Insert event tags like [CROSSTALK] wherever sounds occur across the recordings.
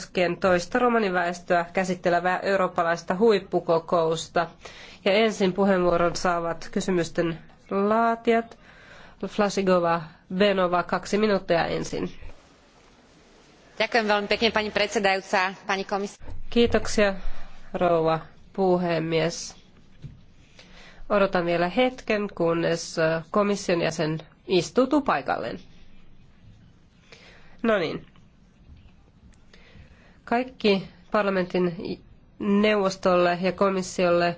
koskien toista romaniväestöä käsittelevää eurooppalaista huippukokousta. Ja ensin puheenvuoron saavat kysymysten laatijat. Flasigova, Benova, kaksi minuuttia ensin. Kiitoksia, rouva puhemies. Odotan vielä hetken, kunnes äh, komission jäsen istuutuu paikalleen. No niin, kaikki parlamentin neuvostolle ja komissiolle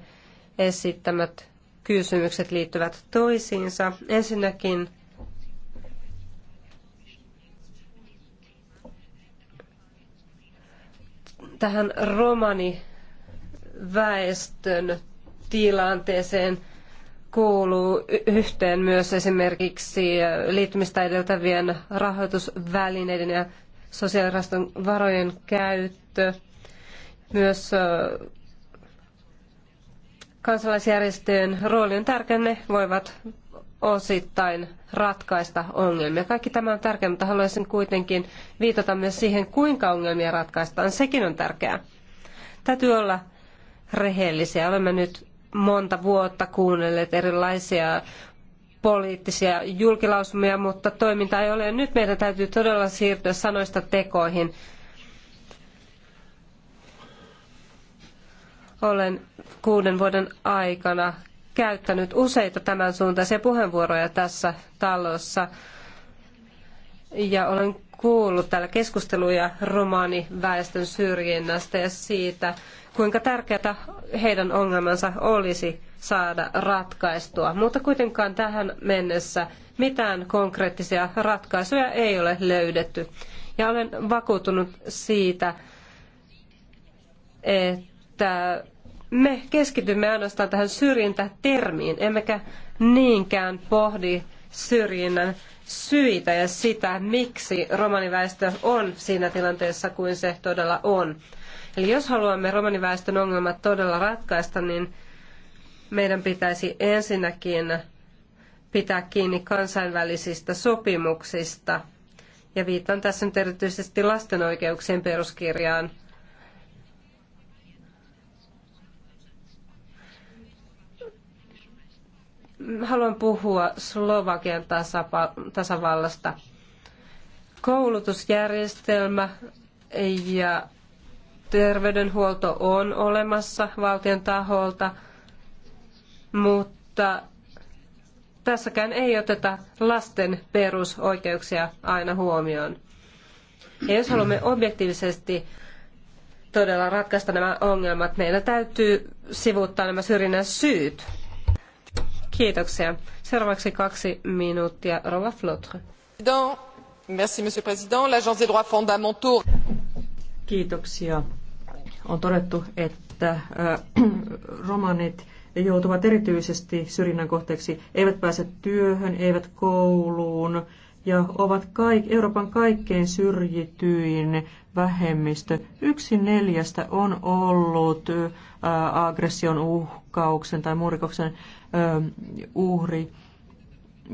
esittämät kysymykset liittyvät toisiinsa. Ensinnäkin tähän romaniväestön tilanteeseen kuuluu yhteen myös esimerkiksi liittymistä edeltävien rahoitusvälineiden ja sosiaaliraston varojen käyttö, myös kansalaisjärjestöjen rooli on tärkeä, ne voivat osittain ratkaista ongelmia. Kaikki tämä on tärkeää, mutta haluaisin kuitenkin viitata myös siihen, kuinka ongelmia ratkaistaan. Sekin on tärkeää. Täytyy olla rehellisiä. Olemme nyt monta vuotta kuunnelleet erilaisia poliittisia julkilausumia, mutta toiminta ei ole. Nyt meidän täytyy todella siirtyä sanoista tekoihin. Olen kuuden vuoden aikana käyttänyt useita tämän suuntaisia puheenvuoroja tässä talossa. Ja olen kuullut täällä keskusteluja romaaniväestön syrjinnästä ja siitä, kuinka tärkeää heidän ongelmansa olisi saada ratkaistua. Mutta kuitenkaan tähän mennessä mitään konkreettisia ratkaisuja ei ole löydetty. Ja olen vakuutunut siitä, että me keskitymme ainoastaan tähän syrjintätermiin, emmekä niinkään pohdi syrjinnän syitä ja sitä, miksi romaniväestö on siinä tilanteessa kuin se todella on. Eli jos haluamme romaniväestön ongelmat todella ratkaista, niin meidän pitäisi ensinnäkin pitää kiinni kansainvälisistä sopimuksista. Ja viitan tässä nyt erityisesti lasten oikeuksien peruskirjaan. Haluan puhua Slovakian tasavallasta. Koulutusjärjestelmä ja terveydenhuolto on olemassa valtion taholta, mutta tässäkään ei oteta lasten perusoikeuksia aina huomioon. Ja jos haluamme objektiivisesti todella ratkaista nämä ongelmat, meillä täytyy sivuuttaa nämä syrjinnän syyt. Kiitoksia. Seuraavaksi kaksi minuuttia. Rova Flotre. Merci, monsieur le président. L'agence des droits fondamentaux. Kiitoksia on todettu, että äh, [CLEARS THROAT] romanit joutuvat erityisesti syrjinnän kohteeksi, eivät pääse työhön, eivät kouluun ja ovat kaik, Euroopan kaikkein syrjityin vähemmistö. Yksi neljästä on ollut äh, aggression uhkauksen tai murikoksen äh, uhri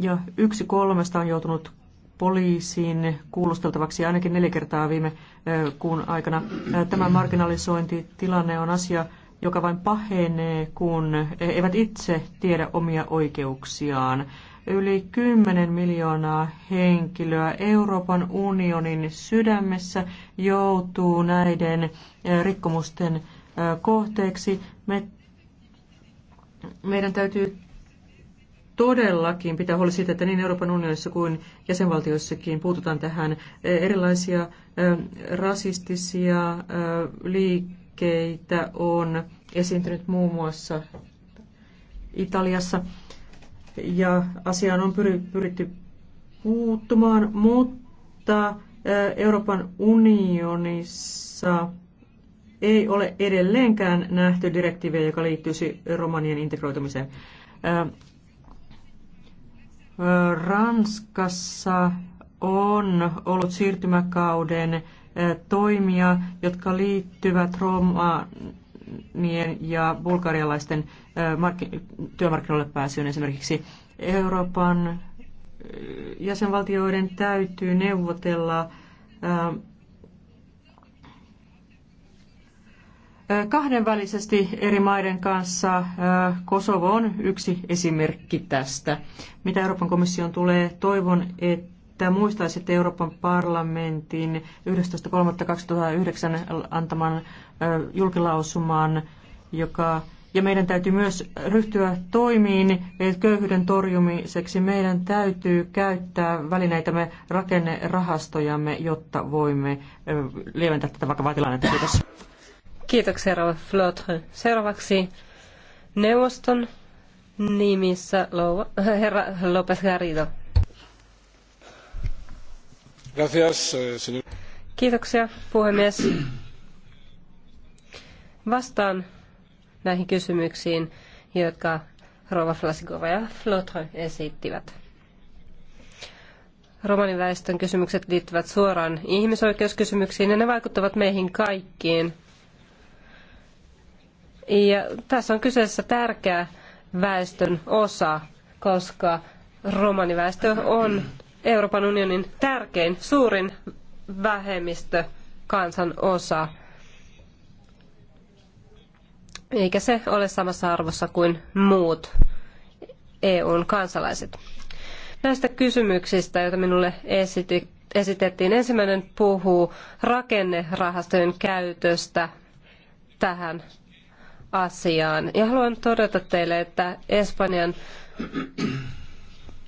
ja yksi kolmesta on joutunut poliisin kuulusteltavaksi ainakin neljä kertaa viime kuun aikana. Tämä marginalisointitilanne on asia, joka vain pahenee, kun e, eivät itse tiedä omia oikeuksiaan. Yli 10 miljoonaa henkilöä Euroopan unionin sydämessä joutuu näiden rikkomusten kohteeksi. Me, meidän täytyy todellakin pitää huoli siitä, että niin Euroopan unionissa kuin jäsenvaltioissakin puututaan tähän e, erilaisia e, rasistisia e, liikkeitä on esiintynyt muun muassa Italiassa ja asiaan on pyritty puuttumaan, mutta Euroopan unionissa ei ole edelleenkään nähty direktiiviä, joka liittyisi romanien integroitumiseen. Ranskassa on ollut siirtymäkauden eh, toimia, jotka liittyvät romanien ja bulgarialaisten eh, työmarkkinoille pääsyyn esimerkiksi. Euroopan eh, jäsenvaltioiden täytyy neuvotella Kahdenvälisesti eri maiden kanssa Kosovo on yksi esimerkki tästä. Mitä Euroopan komission tulee, toivon, että muistaisitte Euroopan parlamentin 11.3.2009 antaman julkilausuman, joka ja meidän täytyy myös ryhtyä toimiin köyhyyden torjumiseksi. Meidän täytyy käyttää välineitämme rakennerahastojamme, jotta voimme lieventää tätä vakavaa tilannetta. Kiitos. Kiitoksia, Rauha Flotre. Seuraavaksi neuvoston nimissä [LAUGHS] herra López Garrido. Gracias, eh, señor. Kiitoksia, puhemies. Vastaan näihin kysymyksiin, jotka Rova Flasikova ja Flotre esittivät. Romaniväestön kysymykset liittyvät suoraan ihmisoikeuskysymyksiin ja ne vaikuttavat meihin kaikkiin – ja tässä on kyseessä tärkeä väestön osa, koska romaniväestö on Euroopan unionin tärkein, suurin vähemmistö kansan osa. Eikä se ole samassa arvossa kuin muut EUn kansalaiset. Näistä kysymyksistä, joita minulle esitettiin, ensimmäinen puhuu rakennerahastojen käytöstä tähän asiaan. Ja haluan todeta teille, että Espanjan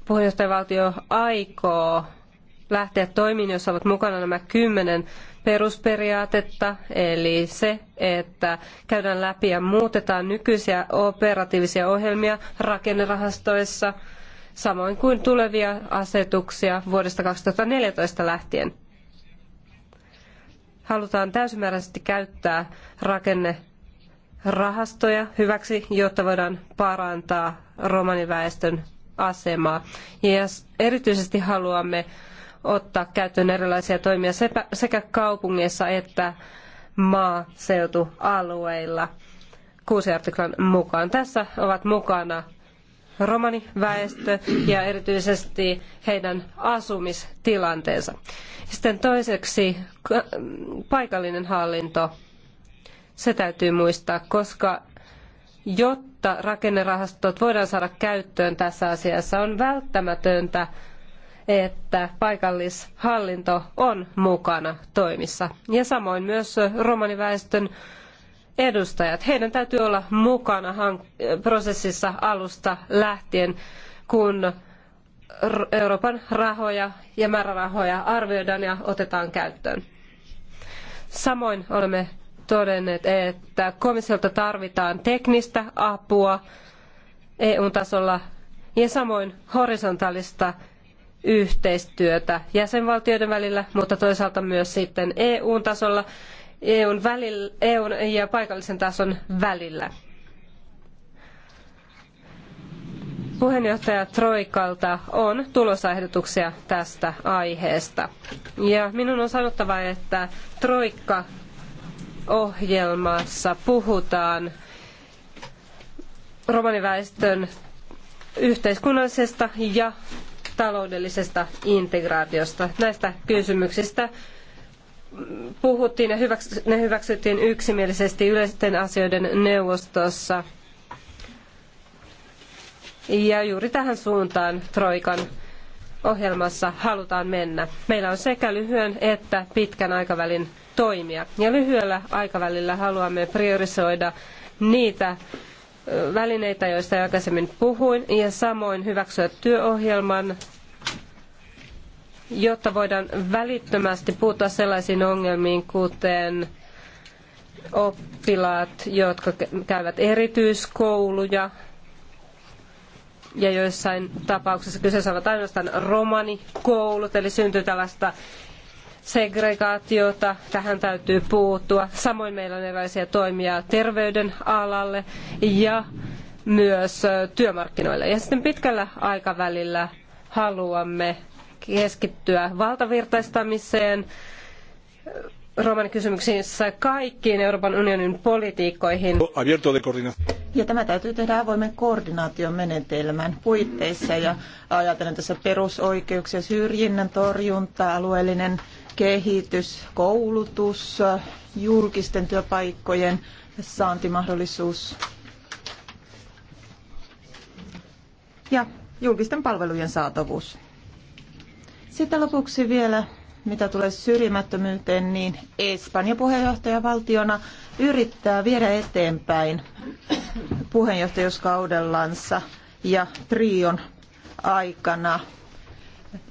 puheenjohtajavaltio aikoo lähteä toimiin, jos ovat mukana nämä kymmenen perusperiaatetta, eli se, että käydään läpi ja muutetaan nykyisiä operatiivisia ohjelmia rakennerahastoissa, samoin kuin tulevia asetuksia vuodesta 2014 lähtien. Halutaan täysimääräisesti käyttää rakenne rahastoja hyväksi, jotta voidaan parantaa romaniväestön asemaa. Ja erityisesti haluamme ottaa käyttöön erilaisia toimia sekä kaupungeissa että maaseutualueilla. Kuusi artiklan mukaan. Tässä ovat mukana romaniväestö ja erityisesti heidän asumistilanteensa. Sitten toiseksi paikallinen hallinto se täytyy muistaa, koska jotta rakennerahastot voidaan saada käyttöön tässä asiassa, on välttämätöntä, että paikallishallinto on mukana toimissa. Ja samoin myös romaniväestön edustajat. Heidän täytyy olla mukana prosessissa alusta lähtien, kun Euroopan rahoja ja määrärahoja arvioidaan ja otetaan käyttöön. Samoin olemme todenneet, että komissiolta tarvitaan teknistä apua EU-tasolla ja samoin horisontaalista yhteistyötä jäsenvaltioiden välillä, mutta toisaalta myös sitten EU-tasolla, EUn, välillä, EUn ja paikallisen tason välillä. puheenjohtaja Troikalta on tulossa ehdotuksia tästä aiheesta. Ja minun on sanottava, että Troikka ohjelmassa puhutaan romaniväestön yhteiskunnallisesta ja taloudellisesta integraatiosta. Näistä kysymyksistä puhuttiin ja ne hyväksyttiin yksimielisesti yleisten asioiden neuvostossa. Ja juuri tähän suuntaan Troikan ohjelmassa halutaan mennä. Meillä on sekä lyhyen että pitkän aikavälin toimia. Ja lyhyellä aikavälillä haluamme priorisoida niitä välineitä, joista jo aikaisemmin puhuin, ja samoin hyväksyä työohjelman, jotta voidaan välittömästi puuttua sellaisiin ongelmiin, kuten oppilaat, jotka käyvät erityiskouluja, ja joissain tapauksissa kyseessä ovat ainoastaan romanikoulut, eli syntyy tällaista segregaatiota, tähän täytyy puuttua. Samoin meillä on erilaisia toimia terveyden alalle ja myös työmarkkinoille. Ja sitten pitkällä aikavälillä haluamme keskittyä valtavirtaistamiseen, romanikysymyksiinsä kaikkiin Euroopan unionin politiikkoihin. Ja tämä täytyy tehdä avoimen koordinaation menetelmän puitteissa ja ajatellen tässä perusoikeuksia, syrjinnän torjunta, alueellinen kehitys, koulutus, julkisten työpaikkojen saantimahdollisuus ja julkisten palvelujen saatavuus. Sitten lopuksi vielä, mitä tulee syrjimättömyyteen, niin Espanja puheenjohtajavaltiona valtiona yrittää viedä eteenpäin puheenjohtajuuskaudellansa ja trion aikana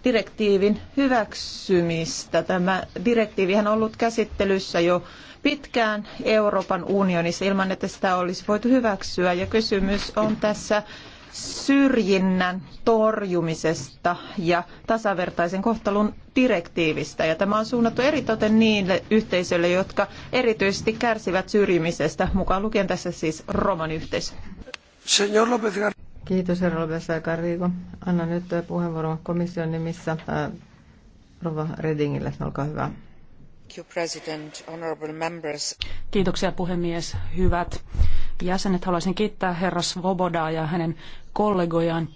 direktiivin hyväksymistä. Tämä direktiivi on ollut käsittelyssä jo pitkään Euroopan unionissa ilman, että sitä olisi voitu hyväksyä. Ja kysymys on tässä syrjinnän torjumisesta ja tasavertaisen kohtelun direktiivistä. Ja tämä on suunnattu eritoten niille yhteisöille, jotka erityisesti kärsivät syrjimisestä, mukaan lukien tässä siis roman yhteisö. Kiitos herra Lopez Carrigo. Anna nyt puheenvuoron komission nimissä äh, Rova Redingille. Olkaa hyvä. Kiitoksia puhemies. Hyvät jäsenet, haluaisin kiittää herra Svobodaa ja hänen kollegojaan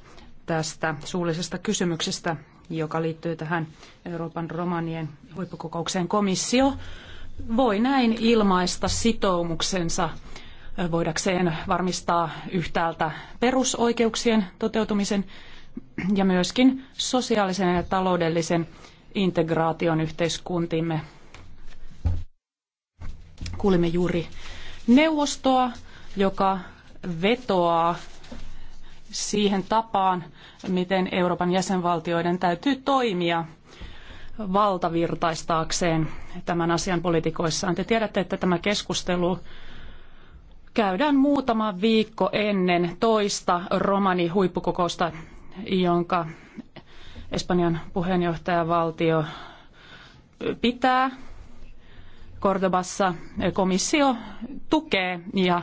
tästä suullisesta kysymyksestä, joka liittyy tähän Euroopan romanien huippukokoukseen komissio voi näin ilmaista sitoumuksensa voidakseen varmistaa yhtäältä perusoikeuksien toteutumisen ja myöskin sosiaalisen ja taloudellisen integraation yhteiskuntimme. Kuulimme juuri neuvostoa, joka vetoaa siihen tapaan, miten Euroopan jäsenvaltioiden täytyy toimia valtavirtaistaakseen tämän asian politikoissaan. Te tiedätte, että tämä keskustelu käydään muutama viikko ennen toista romani huippukokousta, jonka Espanjan puheenjohtajavaltio pitää Kordobassa komissio tukee ja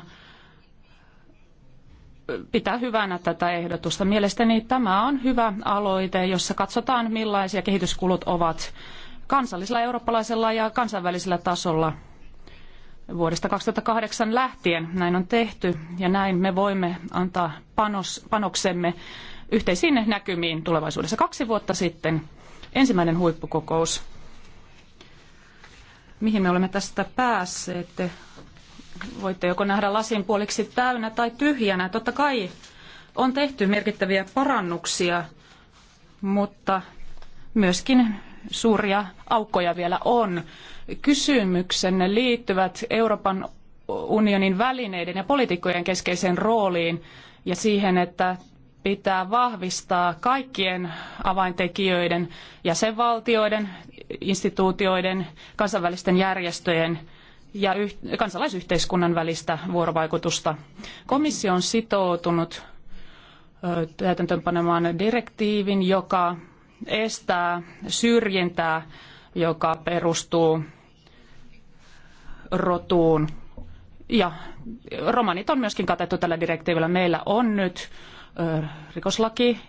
pitää hyvänä tätä ehdotusta. Mielestäni tämä on hyvä aloite, jossa katsotaan millaisia kehityskulut ovat kansallisella, eurooppalaisella ja kansainvälisellä tasolla vuodesta 2008 lähtien. Näin on tehty ja näin me voimme antaa panos, panoksemme yhteisiin näkymiin tulevaisuudessa. Kaksi vuotta sitten ensimmäinen huippukokous mihin me olemme tästä päässeet. Voitte joko nähdä lasin puoliksi täynnä tai tyhjänä. Totta kai on tehty merkittäviä parannuksia, mutta myöskin suuria aukkoja vielä on. Kysymyksenne liittyvät Euroopan unionin välineiden ja poliitikkojen keskeiseen rooliin ja siihen, että pitää vahvistaa kaikkien avaintekijöiden, jäsenvaltioiden, instituutioiden, kansainvälisten järjestöjen ja kansalaisyhteiskunnan välistä vuorovaikutusta. Komissio on sitoutunut täytäntöönpanemaan direktiivin, joka estää syrjintää, joka perustuu rotuun. Ja romanit on myöskin katettu tällä direktiivillä. Meillä on nyt rikoslaki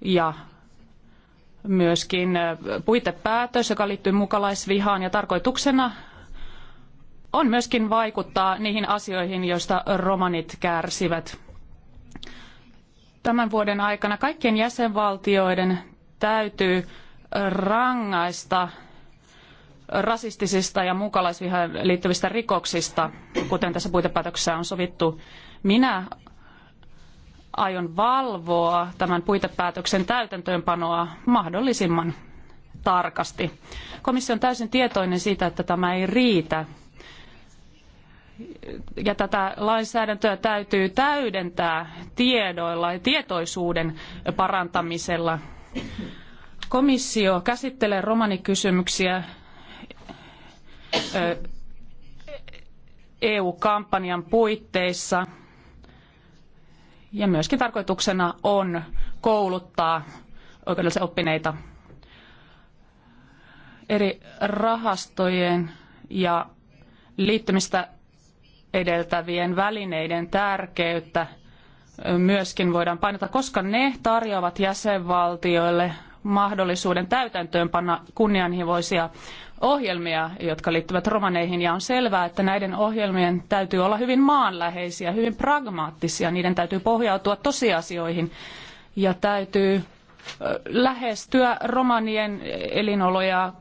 ja myöskin puitepäätös, joka liittyy mukalaisvihaan ja tarkoituksena on myöskin vaikuttaa niihin asioihin, joista romanit kärsivät. Tämän vuoden aikana kaikkien jäsenvaltioiden täytyy rangaista rasistisista ja muukalaisvihaan liittyvistä rikoksista, kuten tässä puitepäätöksessä on sovittu. Minä aion valvoa tämän puitepäätöksen täytäntöönpanoa mahdollisimman tarkasti. Komissio on täysin tietoinen siitä, että tämä ei riitä. Ja tätä lainsäädäntöä täytyy täydentää tiedoilla ja tietoisuuden parantamisella. Komissio käsittelee romanikysymyksiä EU-kampanjan puitteissa – ja myöskin tarkoituksena on kouluttaa oikeudellisia oppineita eri rahastojen ja liittymistä edeltävien välineiden tärkeyttä myöskin voidaan painottaa, koska ne tarjoavat jäsenvaltioille mahdollisuuden täytäntöönpanna kunnianhimoisia ohjelmia, jotka liittyvät romaneihin, ja on selvää, että näiden ohjelmien täytyy olla hyvin maanläheisiä, hyvin pragmaattisia, niiden täytyy pohjautua tosiasioihin, ja täytyy lähestyä romanien elinoloja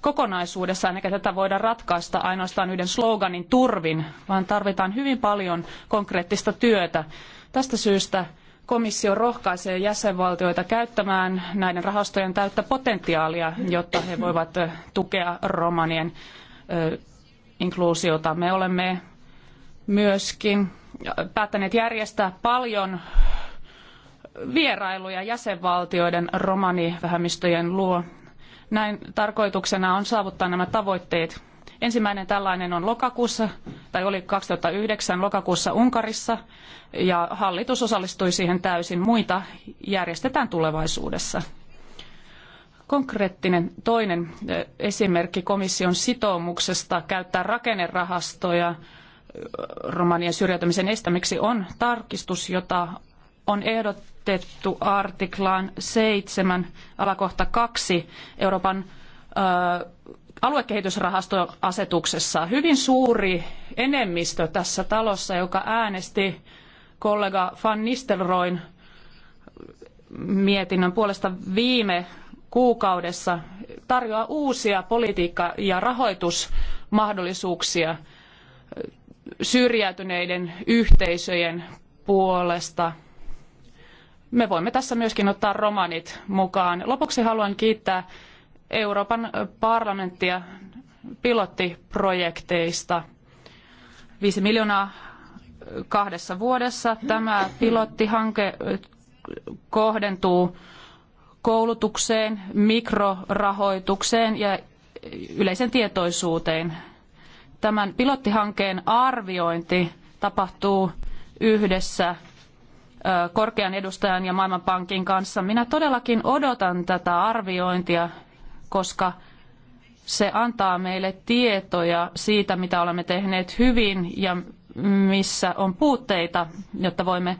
kokonaisuudessaan, eikä tätä voida ratkaista ainoastaan yhden sloganin turvin, vaan tarvitaan hyvin paljon konkreettista työtä. Tästä syystä komissio rohkaisee jäsenvaltioita käyttämään näiden rahastojen täyttä potentiaalia, jotta he voivat tukea romanien inkluusiota. Me olemme myöskin päättäneet järjestää paljon vierailuja jäsenvaltioiden romanivähemmistöjen luo. Näin tarkoituksena on saavuttaa nämä tavoitteet. Ensimmäinen tällainen on lokakuussa, tai oli 2009 lokakuussa Unkarissa, ja hallitus osallistui siihen täysin. Muita järjestetään tulevaisuudessa. Konkreettinen toinen esimerkki komission sitoumuksesta käyttää rakennerahastoja romanien syrjäytymisen estämiksi on tarkistus, jota on ehdotettu artiklaan 7 alakohta 2 Euroopan aluekehitysrahastoasetuksessa hyvin suuri enemmistö tässä talossa, joka äänesti kollega Van Nistelroin mietinnön puolesta viime kuukaudessa, tarjoaa uusia politiikka- ja rahoitusmahdollisuuksia syrjäytyneiden yhteisöjen puolesta. Me voimme tässä myöskin ottaa romanit mukaan. Lopuksi haluan kiittää Euroopan parlamenttia pilottiprojekteista. Viisi miljoonaa kahdessa vuodessa. Tämä pilottihanke kohdentuu koulutukseen, mikrorahoitukseen ja yleisen tietoisuuteen. Tämän pilottihankkeen arviointi tapahtuu yhdessä korkean edustajan ja Maailmanpankin kanssa. Minä todellakin odotan tätä arviointia koska se antaa meille tietoja siitä, mitä olemme tehneet hyvin ja missä on puutteita, jotta voimme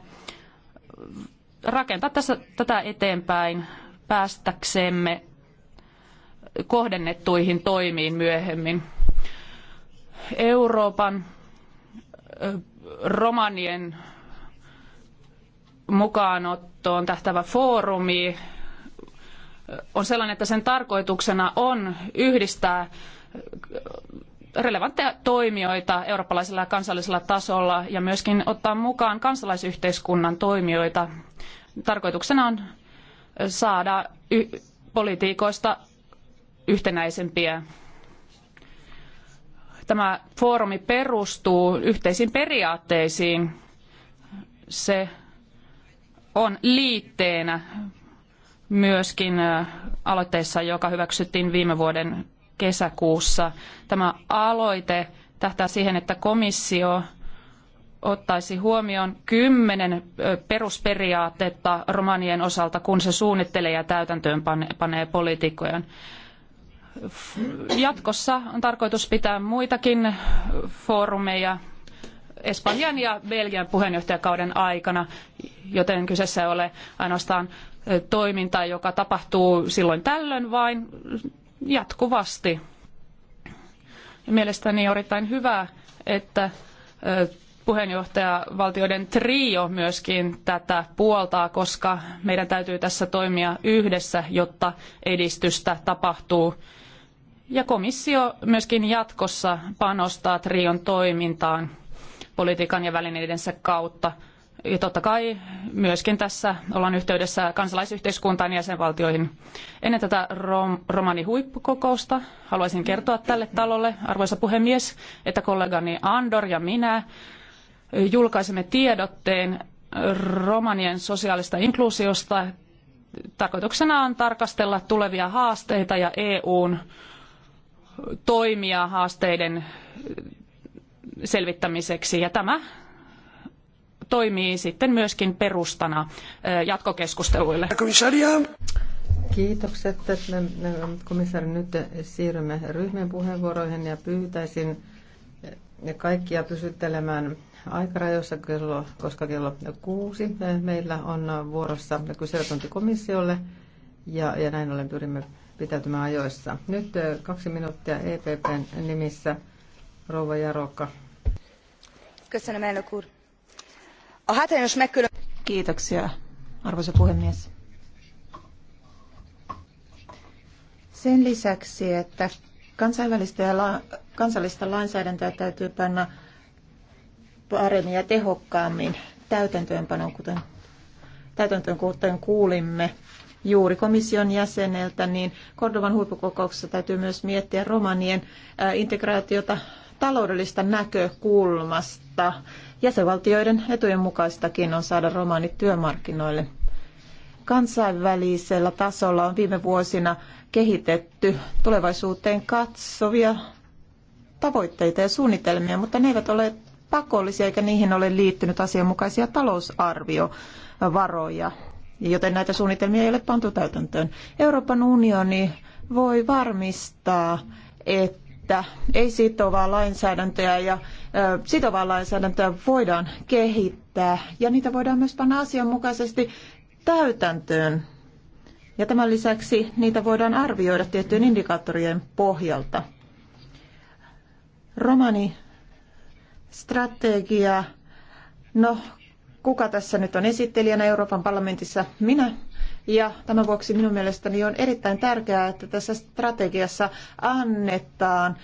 rakentaa tässä, tätä eteenpäin päästäksemme kohdennettuihin toimiin myöhemmin. Euroopan romanien mukaanottoon tähtävä foorumi on sellainen, että sen tarkoituksena on yhdistää relevantteja toimijoita eurooppalaisella ja kansallisella tasolla ja myöskin ottaa mukaan kansalaisyhteiskunnan toimijoita. Tarkoituksena on saada y- politiikoista yhtenäisempiä. Tämä foorumi perustuu yhteisiin periaatteisiin. Se on liitteenä myöskin aloitteessa, joka hyväksyttiin viime vuoden kesäkuussa. Tämä aloite tähtää siihen, että komissio ottaisi huomioon kymmenen perusperiaatetta romanien osalta, kun se suunnittelee ja täytäntöön panee poliitikkojen. Jatkossa on tarkoitus pitää muitakin foorumeja Espanjan ja Belgian puheenjohtajakauden aikana, joten kyseessä ei ole ainoastaan toimintaa, joka tapahtuu silloin tällöin, vain jatkuvasti. Mielestäni on erittäin hyvä, että puheenjohtajavaltioiden trio myöskin tätä puoltaa, koska meidän täytyy tässä toimia yhdessä, jotta edistystä tapahtuu. Ja komissio myöskin jatkossa panostaa trion toimintaan politiikan ja välineidensä kautta. Ja totta kai myöskin tässä ollaan yhteydessä kansalaisyhteiskuntaan ja jäsenvaltioihin. Ennen tätä rom, romani huippukokousta haluaisin kertoa tälle talolle, arvoisa puhemies, että kollegani Andor ja minä julkaisemme tiedotteen romanien sosiaalista inkluusiosta. Tarkoituksena on tarkastella tulevia haasteita ja EUn toimia haasteiden selvittämiseksi. Ja tämä toimii sitten myöskin perustana jatkokeskusteluille. Kiitokset. että Komissaari, nyt siirrymme ryhmien puheenvuoroihin ja pyytäisin kaikkia pysyttelemään aikarajoissa, kello, koska kello kuusi meillä on vuorossa kyselytunti komissiolle ja, ja näin ollen pyrimme pitäytymään ajoissa. Nyt kaksi minuuttia EPPn nimissä. Rouva Jarokka. Köszönöm, elnök úr. A hátrányos megkülön... Kiitoksia, arvoisa puhemies. Sen lisäksi, että kansainvälistä ja la- kansallista lainsäädäntöä täytyy panna paremmin ja tehokkaammin täytäntöönpanon, kuten, täytäntöön kuten kuulimme juuri komission jäseneltä, niin Kordovan huippukokouksessa täytyy myös miettiä romanien integraatiota taloudellista näkökulmasta jäsenvaltioiden etujen mukaistakin on saada romaanit työmarkkinoille. Kansainvälisellä tasolla on viime vuosina kehitetty tulevaisuuteen katsovia tavoitteita ja suunnitelmia, mutta ne eivät ole pakollisia eikä niihin ole liittynyt asianmukaisia talousarviovaroja, joten näitä suunnitelmia ei ole pantu täytäntöön. Euroopan unioni voi varmistaa, että että ei-sitovaa lainsäädäntöä ja sitovaa lainsäädäntöä voidaan kehittää ja niitä voidaan myös panna asianmukaisesti täytäntöön. Ja tämän lisäksi niitä voidaan arvioida tiettyjen indikaattorien pohjalta. Romani strategia. No, kuka tässä nyt on esittelijänä Euroopan parlamentissa? Minä ja tämän vuoksi minun mielestäni on erittäin tärkeää, että tässä strategiassa annetaan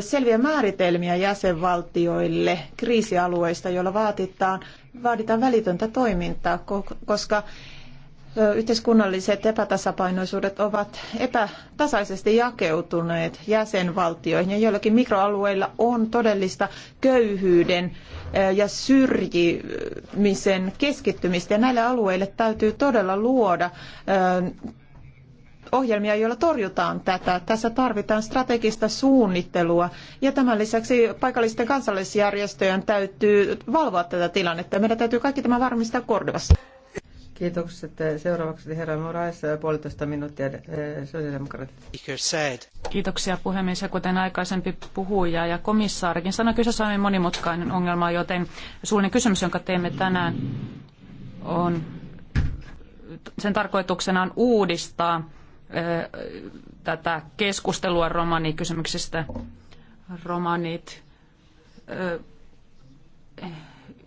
selviä määritelmiä jäsenvaltioille kriisialueista, joilla vaaditaan, vaaditaan välitöntä toimintaa, koska yhteiskunnalliset epätasapainoisuudet ovat epätasaisesti jakeutuneet jäsenvaltioihin ja joillakin mikroalueilla on todellista köyhyyden ja syrjimisen keskittymistä ja näille alueille täytyy todella luoda ohjelmia, joilla torjutaan tätä. Tässä tarvitaan strategista suunnittelua ja tämän lisäksi paikallisten kansalaisjärjestöjen täytyy valvoa tätä tilannetta. Meidän täytyy kaikki tämä varmistaa Kordovassa. Kiitokset. Seuraavaksi herra Morais, puolitoista minuuttia eh, sosiaalidemokraatit. Kiitoksia puhemies. Ja kuten aikaisempi puhuja ja komissaarikin sanoi, kyseessä on monimutkainen ongelma, joten suullinen kysymys, jonka teemme tänään, on, sen tarkoituksena on uudistaa eh, tätä keskustelua romanikysymyksistä. Romanit eh,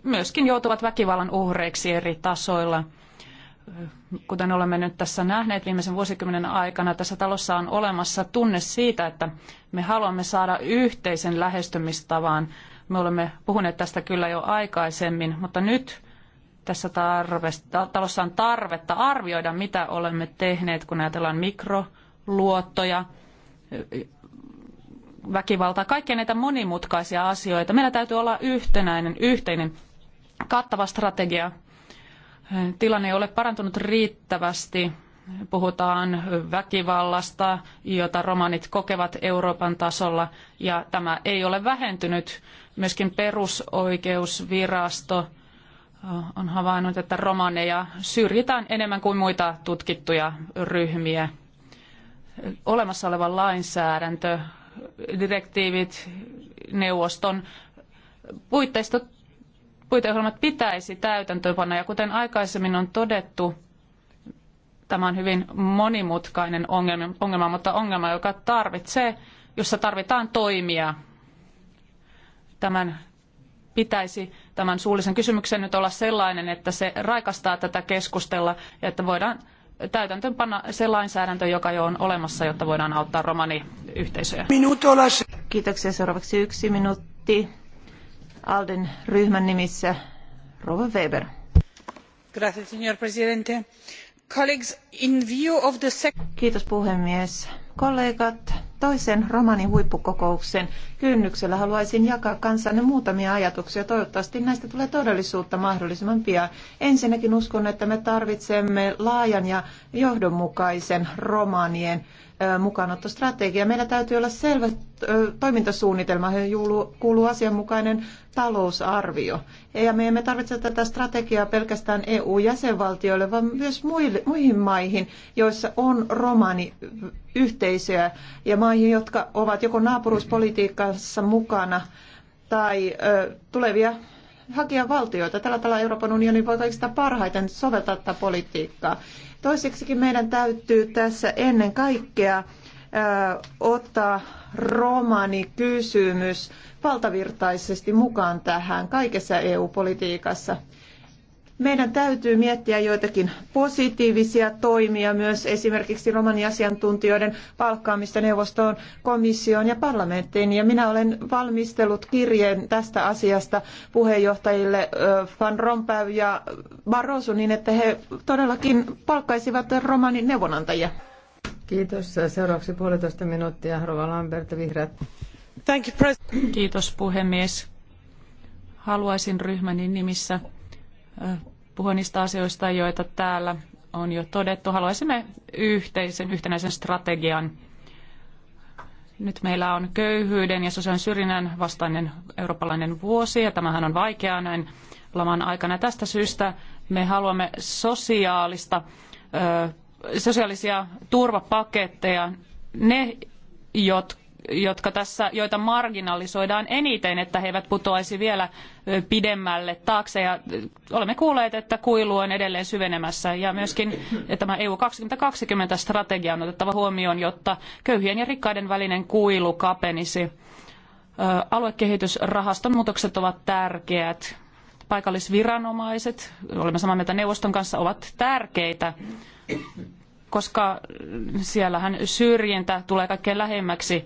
myöskin joutuvat väkivallan uhreiksi eri tasoilla – kuten olemme nyt tässä nähneet viimeisen vuosikymmenen aikana, tässä talossa on olemassa tunne siitä, että me haluamme saada yhteisen lähestymistavan. Me olemme puhuneet tästä kyllä jo aikaisemmin, mutta nyt tässä talossa on tarvetta arvioida, mitä olemme tehneet, kun ajatellaan mikroluottoja, väkivaltaa, kaikkia näitä monimutkaisia asioita. Meillä täytyy olla yhtenäinen, yhteinen kattava strategia tilanne ei ole parantunut riittävästi. Puhutaan väkivallasta, jota romanit kokevat Euroopan tasolla, ja tämä ei ole vähentynyt. Myöskin perusoikeusvirasto äh, on havainnut, että romaneja syrjitään enemmän kuin muita tutkittuja ryhmiä. Olemassa oleva lainsäädäntö, direktiivit, neuvoston puitteista puiteohjelmat pitäisi täytäntöönpanna. Ja kuten aikaisemmin on todettu, tämä on hyvin monimutkainen ongelma, ongelma mutta ongelma, joka tarvitsee, jossa tarvitaan toimia. Tämän pitäisi tämän suullisen kysymyksen nyt olla sellainen, että se raikastaa tätä keskustella ja että voidaan täytäntöönpanna se lainsäädäntö, joka jo on olemassa, jotta voidaan auttaa romaniyhteisöjä. Kiitoksia. Seuraavaksi yksi minuutti. Alden ryhmän nimissä Weber. Kiitos puhemies. Kollegat, toisen romani huippukokouksen kynnyksellä haluaisin jakaa kanssanne muutamia ajatuksia. Toivottavasti näistä tulee todellisuutta mahdollisimman pian. Ensinnäkin uskon, että me tarvitsemme laajan ja johdonmukaisen romanien mukaanottostrategia. Meillä täytyy olla selvä toimintasuunnitelma, johon kuuluu asianmukainen talousarvio. Ja me emme tarvitse tätä strategiaa pelkästään EU-jäsenvaltioille, vaan myös muille, muihin maihin, joissa on romaniyhteisöä ja maihin, jotka ovat joko naapuruuspolitiikassa mukana tai tulevia hakijavaltioita. Tällä tavalla Euroopan unioni voi kaikista parhaiten soveltaa tätä politiikkaa. Toiseksikin meidän täytyy tässä ennen kaikkea ottaa romani kysymys valtavirtaisesti mukaan tähän kaikessa EU-politiikassa. Meidän täytyy miettiä joitakin positiivisia toimia myös esimerkiksi romaniasiantuntijoiden palkkaamista neuvostoon, komissioon ja parlamenttiin. Ja minä olen valmistellut kirjeen tästä asiasta puheenjohtajille Van Rompuy ja Barroso niin, että he todellakin palkkaisivat romanin neuvonantajia. Kiitos. Seuraavaksi puolitoista minuuttia. Rova Lambert, Vihreät. Thank you, Kiitos puhemies. Haluaisin ryhmäni nimissä puhua niistä asioista, joita täällä on jo todettu. Haluaisimme yhteisen, yhtenäisen strategian. Nyt meillä on köyhyyden ja sosiaalisen syrjinnän vastainen eurooppalainen vuosi, ja tämähän on vaikeaa näin laman aikana. Tästä syystä me haluamme sosiaalista, ö, sosiaalisia turvapaketteja, ne, jotka jotka tässä, joita marginalisoidaan eniten, että he eivät putoaisi vielä pidemmälle taakse. Ja olemme kuulleet, että kuilu on edelleen syvenemässä ja myöskin tämä EU 2020-strategia on otettava huomioon, jotta köyhien ja rikkaiden välinen kuilu kapenisi. Aluekehitysrahaston muutokset ovat tärkeät. Paikallisviranomaiset, olemme samaa mieltä neuvoston kanssa, ovat tärkeitä koska siellähän syrjintä tulee kaikkein lähemmäksi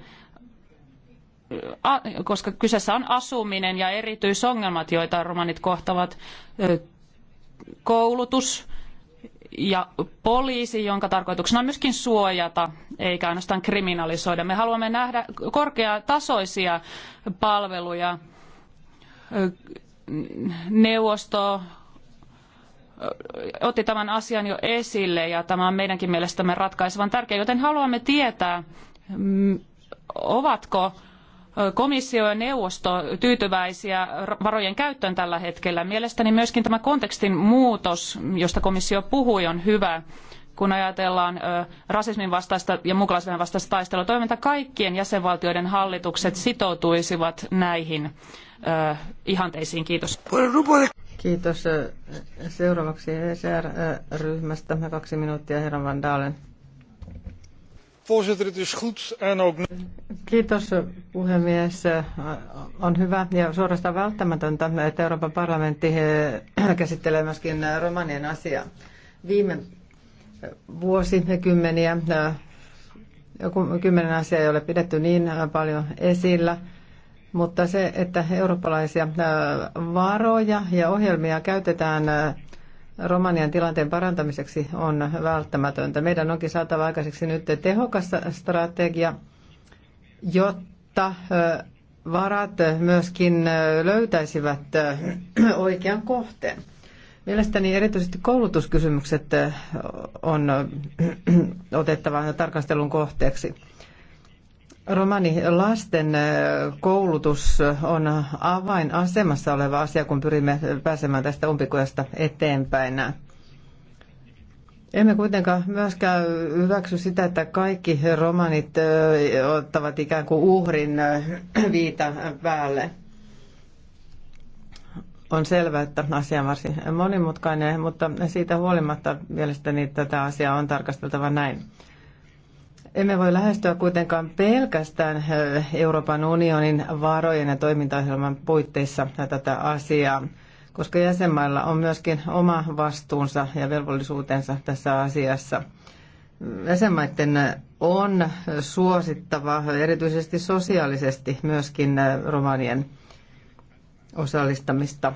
koska kyseessä on asuminen ja erityisongelmat, joita romanit kohtavat, koulutus ja poliisi, jonka tarkoituksena on myöskin suojata, eikä ainoastaan kriminalisoida. Me haluamme nähdä korkeatasoisia palveluja, neuvosto otti tämän asian jo esille ja tämä on meidänkin mielestämme ratkaisevan tärkeä, joten haluamme tietää, ovatko komissio ja neuvosto tyytyväisiä varojen käyttöön tällä hetkellä. Mielestäni myöskin tämä kontekstin muutos, josta komissio puhui, on hyvä kun ajatellaan rasismin vastaista ja mukalaisvihan vastaista taistelua toiminta, kaikkien jäsenvaltioiden hallitukset sitoutuisivat näihin ihanteisiin. Kiitos. Kiitos. Seuraavaksi ECR-ryhmästä kaksi minuuttia, herra Van Dalen. Voorzitter, het is goed en ook... Kiitos puhemies. On hyvä ja suorastaan välttämätöntä, että Euroopan parlamentti eh, [CLEARS THROAT] käsittelee myöskin romanien asiaa. Viime vuosikymmeniä eh, kymmenen asiaa ei ole pidetty niin paljon esillä, mutta se, että eurooppalaisia eh, varoja ja ohjelmia käytetään Romanian tilanteen parantamiseksi on välttämätöntä. Meidän onkin saatava aikaiseksi nyt tehokas strategia, jotta varat myöskin löytäisivät oikean kohteen. Mielestäni erityisesti koulutuskysymykset on otettava tarkastelun kohteeksi. Romanilasten koulutus on avainasemassa oleva asia, kun pyrimme pääsemään tästä umpikujasta eteenpäin. Emme kuitenkaan myöskään hyväksy sitä, että kaikki romanit ottavat ikään kuin uhrin viitan päälle. On selvää, että asia on varsin monimutkainen, mutta siitä huolimatta mielestäni tätä asiaa on tarkasteltava näin. Emme voi lähestyä kuitenkaan pelkästään äh, Euroopan unionin varojen ja toimintaohjelman puitteissa tätä asiaa, koska jäsenmailla on myöskin oma vastuunsa ja velvollisuutensa tässä asiassa. Jäsenmaiden on suosittava erityisesti sosiaalisesti myöskin äh, romanien osallistamista.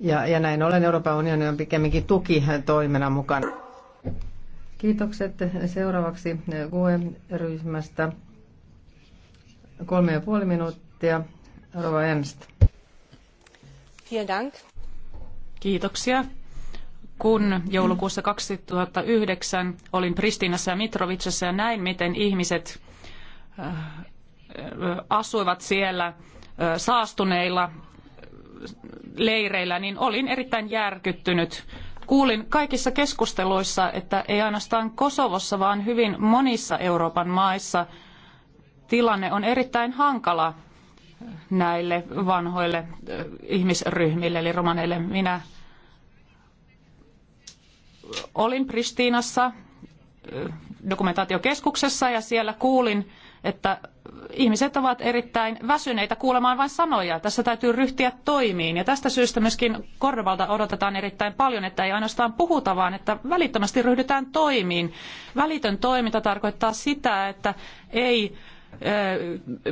Ja, ja näin ollen Euroopan unioni on pikemminkin tukitoimena mukana. Kiitokset seuraavaksi GUE-ryhmästä. Kolme ja puoli minuuttia. Rova Ernst. Vielen Kiitoksia. Kun joulukuussa 2009 olin Pristinassa ja Mitrovicessa ja näin, miten ihmiset äh, äh, asuivat siellä äh, saastuneilla leireillä, niin olin erittäin järkyttynyt Kuulin kaikissa keskusteluissa, että ei ainoastaan Kosovossa, vaan hyvin monissa Euroopan maissa tilanne on erittäin hankala näille vanhoille eh, ihmisryhmille, eli romaneille. Minä olin Pristiinassa eh, dokumentaatiokeskuksessa ja siellä kuulin että ihmiset ovat erittäin väsyneitä kuulemaan vain sanoja. Tässä täytyy ryhtyä toimiin. Ja tästä syystä myöskin Kordovalta odotetaan erittäin paljon, että ei ainoastaan puhuta, vaan että välittömästi ryhdytään toimiin. Välitön toiminta tarkoittaa sitä, että ei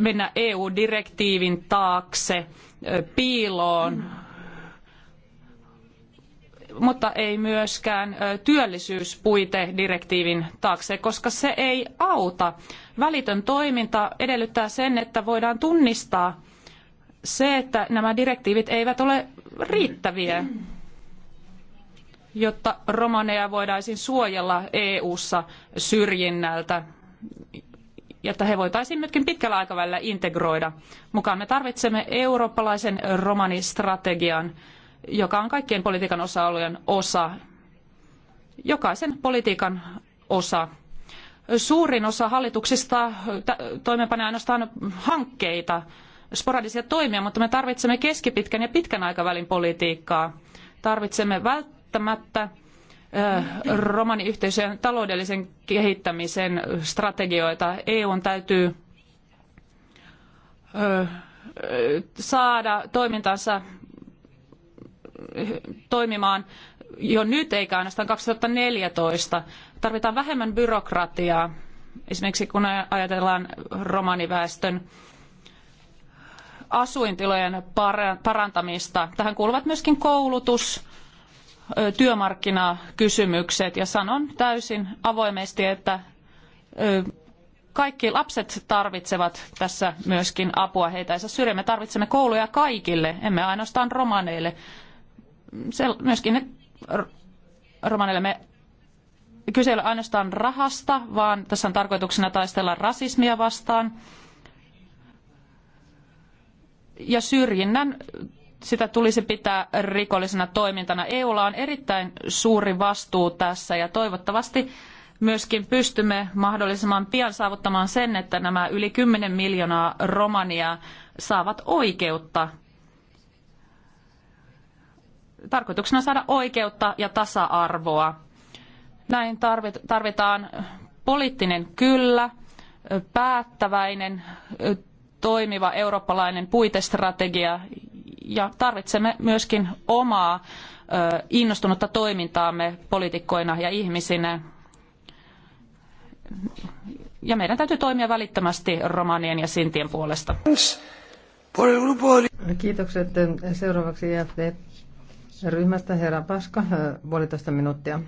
mennä EU-direktiivin taakse piiloon mutta ei myöskään työllisyyspuitedirektiivin taakse, koska se ei auta. Välitön toiminta edellyttää sen, että voidaan tunnistaa se, että nämä direktiivit eivät ole riittäviä, jotta romaneja voitaisiin suojella EU-ssa syrjinnältä jotta he voitaisiin myöskin pitkällä aikavälillä integroida mukaan. Me tarvitsemme eurooppalaisen romanistrategian. strategian joka on kaikkien politiikan osa-alueen osa, jokaisen politiikan osa. Suurin osa hallituksista toimeenpanee ainoastaan hankkeita, sporadisia toimia, mutta me tarvitsemme keskipitkän ja pitkän aikavälin politiikkaa. Tarvitsemme välttämättä romaniyhteisöjen taloudellisen kehittämisen strategioita. EUn täytyy saada toimintansa toimimaan jo nyt eikä ainoastaan 2014. Tarvitaan vähemmän byrokratiaa, esimerkiksi kun ajatellaan romaniväestön asuintilojen parantamista. Tähän kuuluvat myöskin koulutus, työmarkkinakysymykset ja sanon täysin avoimesti, että kaikki lapset tarvitsevat tässä myöskin apua, heitä ei saa syrjää. Me tarvitsemme kouluja kaikille, emme ainoastaan romaneille myöskin romaneille me kyse ei ole ainoastaan rahasta, vaan tässä on tarkoituksena taistella rasismia vastaan ja syrjinnän sitä tulisi pitää rikollisena toimintana. EUlla on erittäin suuri vastuu tässä ja toivottavasti myöskin pystymme mahdollisimman pian saavuttamaan sen, että nämä yli kymmenen miljoonaa romania saavat oikeutta tarkoituksena saada oikeutta ja tasa-arvoa. Näin tarvitaan poliittinen kyllä, päättäväinen, toimiva eurooppalainen puitestrategia ja tarvitsemme myöskin omaa innostunutta toimintaamme poliitikkoina ja ihmisinä. Ja meidän täytyy toimia välittömästi romanien ja sintien puolesta. Kiitokset. Seuraavaksi FD ryhmästä minuuttia.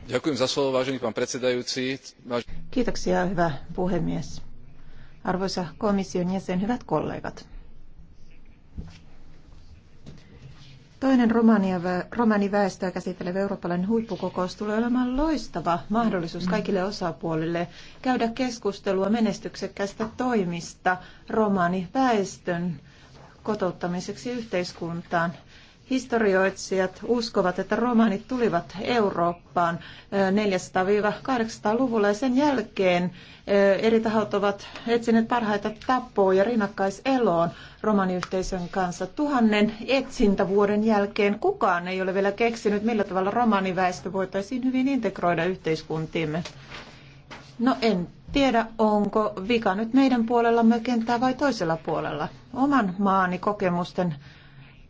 Kiitoksia, hyvä puhemies. Arvoisa komission jäsen, hyvät kollegat. Toinen Romani romaniväestöä käsittelevä eurooppalainen huippukokous tulee olemaan loistava mahdollisuus kaikille osapuolille käydä keskustelua menestyksekkäistä toimista romaniväestön kotouttamiseksi yhteiskuntaan. Historioitsijat uskovat, että romaanit tulivat Eurooppaan 400-800-luvulla ja sen jälkeen eri tahot ovat etsineet parhaita tapoja rinnakkaiseloon romaniyhteisön kanssa. Tuhannen etsintävuoden jälkeen kukaan ei ole vielä keksinyt, millä tavalla romaniväestö voitaisiin hyvin integroida yhteiskuntiimme. No en tiedä, onko vika nyt meidän puolellamme kentää vai toisella puolella. Oman maani kokemusten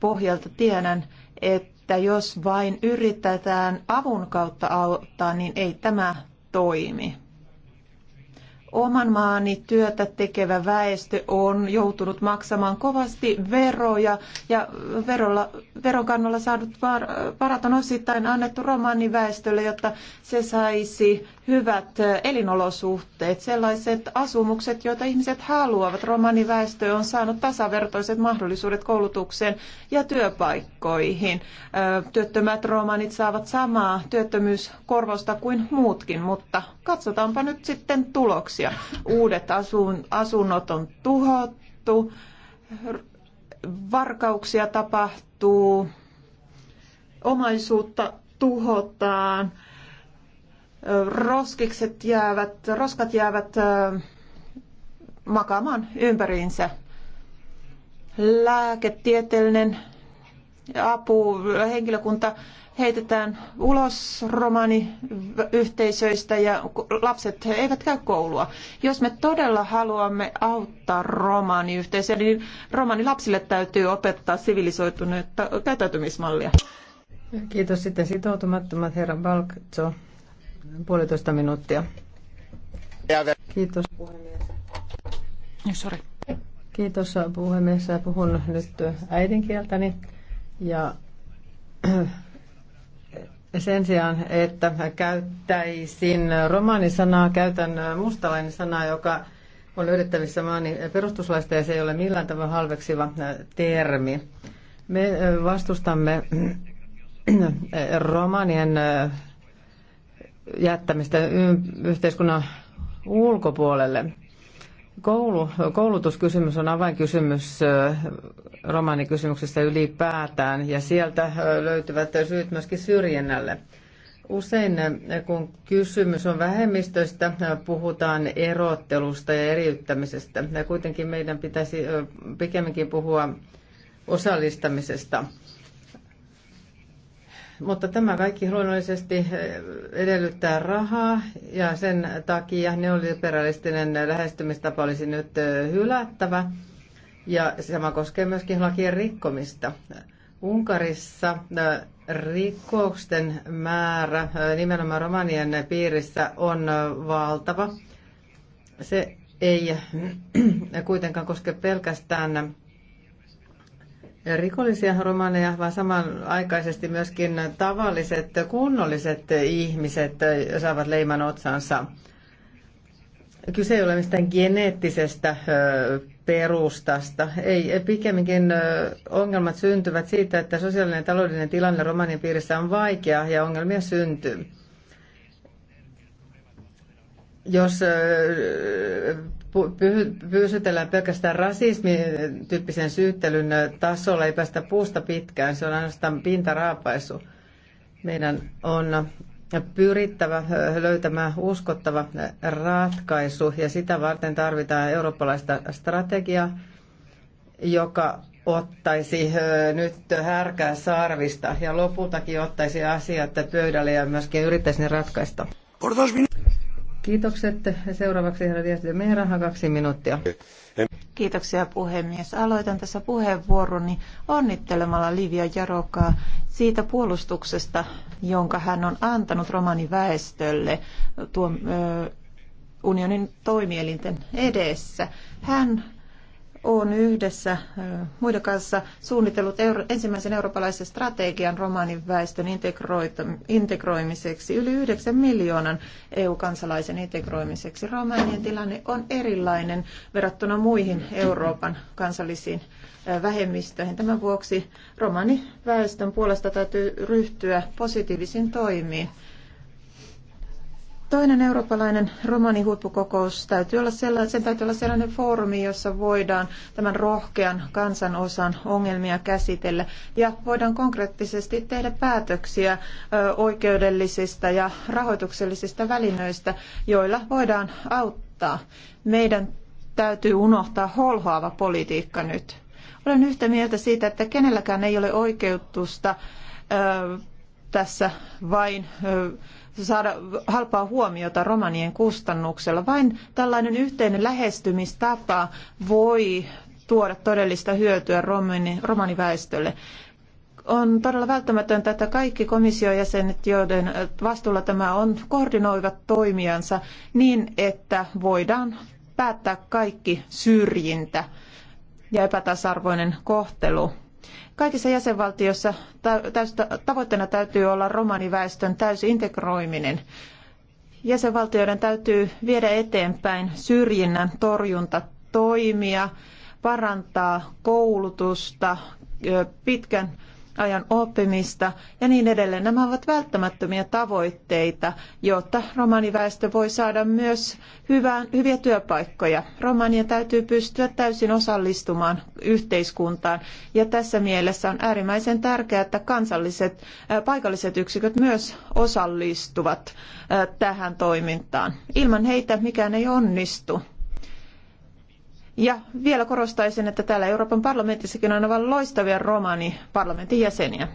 pohjalta tiedän, että jos vain yritetään avun kautta auttaa, niin ei tämä toimi. Oman maani työtä tekevä väestö on joutunut maksamaan kovasti veroja ja verolla, veronkannolla saadut var, varat on osittain annettu romaniväestölle, jotta se saisi hyvät elinolosuhteet, sellaiset asumukset, joita ihmiset haluavat. Romaniväestö on saanut tasavertoiset mahdollisuudet koulutukseen ja työpaikkoihin. Työttömät romanit saavat samaa työttömyyskorvausta kuin muutkin, mutta katsotaanpa nyt sitten tuloksia. Uudet asun, asunnot on tuhottu, varkauksia tapahtuu, omaisuutta tuhotaan roskikset jäävät, roskat jäävät makaamaan ympäriinsä. Lääketieteellinen apu, henkilökunta heitetään ulos romaniyhteisöistä ja lapset eivät käy koulua. Jos me todella haluamme auttaa romaniyhteisöä, niin romanilapsille täytyy opettaa sivilisoituneita käyttäytymismallia. Kiitos sitten sitoutumattomat herra Balkzo puolitoista minuuttia. Kiitos puhemies. No, sorry. Kiitos puhemies. Puhun nyt äidinkieltäni ja [CLEARS THROAT] sen sijaan, että käyttäisin romaanisanaa, käytän mustalainen sanaa, joka on löydettävissä maani perustuslaista ja se ei ole millään tavalla halveksiva termi. Me vastustamme [CLEARS THROAT] romanien jättämistä yhteiskunnan ulkopuolelle. Koulu, koulutuskysymys on avainkysymys romanikysymyksessä ylipäätään ja sieltä löytyvät syyt myöskin syrjinnälle. Usein kun kysymys on vähemmistöistä, puhutaan erottelusta ja eriyttämisestä. kuitenkin meidän pitäisi pikemminkin puhua osallistamisesta – mutta tämä kaikki luonnollisesti eh, edellyttää rahaa ja sen takia neoliberalistinen lähestymistapa olisi nyt eh, hylättävä. Ja sama koskee myöskin lakien rikkomista. Unkarissa eh, rikosten määrä nimenomaan romanien piirissä on valtava. Se ei kuitenkaan koske pelkästään rikollisia romaneja, vaan samanaikaisesti myöskin tavalliset, kunnolliset ihmiset saavat leiman otsansa. Kyse ei ole mistään geneettisestä perustasta. Ei, pikemminkin ongelmat syntyvät siitä, että sosiaalinen ja taloudellinen tilanne romanin piirissä on vaikea ja ongelmia syntyy jos pysytellään pelkästään rasismin tyyppisen syyttelyn tasolla, ei päästä puusta pitkään, se on ainoastaan pintaraapaisu. Meidän on pyrittävä löytämään uskottava ratkaisu ja sitä varten tarvitaan eurooppalaista strategiaa, joka ottaisi nyt härkää sarvista ja lopultakin ottaisi asiat pöydälle ja myöskin yrittäisi ne ratkaista. Kiitokset. Seuraavaksi herra Dias de kaksi minuuttia. Kiitoksia puhemies. Aloitan tässä puheenvuoroni onnittelemalla Livia Jarokaa siitä puolustuksesta, jonka hän on antanut romaniväestölle tuon, ö, unionin toimielinten edessä. Hän on yhdessä muiden kanssa suunnitellut euro, ensimmäisen eurooppalaisen strategian romanin väestön integroimiseksi, yli 9 miljoonan EU-kansalaisen integroimiseksi. Romanien tilanne on erilainen verrattuna muihin Euroopan kansallisiin vähemmistöihin. Tämän vuoksi romaniväestön puolesta täytyy ryhtyä positiivisiin toimiin. Toinen eurooppalainen romanihuippukokous täytyy olla sellainen, sen täytyy olla sellainen foorumi, jossa voidaan tämän rohkean kansanosan ongelmia käsitellä ja voidaan konkreettisesti tehdä päätöksiä oikeudellisista ja rahoituksellisista välineistä, joilla voidaan auttaa. Meidän täytyy unohtaa holhoava politiikka nyt. Olen yhtä mieltä siitä, että kenelläkään ei ole oikeutusta tässä vain saada halpaa huomiota romanien kustannuksella. Vain tällainen yhteinen lähestymistapa voi tuoda todellista hyötyä romani, romaniväestölle. On todella välttämätöntä, että kaikki komissiojäsenet, joiden vastuulla tämä on, koordinoivat toimijansa niin, että voidaan päättää kaikki syrjintä ja epätasarvoinen kohtelu Kaikissa jäsenvaltioissa tavoitteena täytyy olla romaniväestön täysi integroiminen. Jäsenvaltioiden täytyy viedä eteenpäin syrjinnän torjuntatoimia, parantaa koulutusta, pitkän ajan oppimista ja niin edelleen. Nämä ovat välttämättömiä tavoitteita, jotta romaniväestö voi saada myös hyvää, hyviä työpaikkoja. Romanien täytyy pystyä täysin osallistumaan yhteiskuntaan ja tässä mielessä on äärimmäisen tärkeää, että kansalliset äh, paikalliset yksiköt myös osallistuvat äh, tähän toimintaan. Ilman heitä mikään ei onnistu. Ja vielä korostaisin, että täällä Euroopan parlamentissakin on aivan loistavia romani parlamentin jäseniä.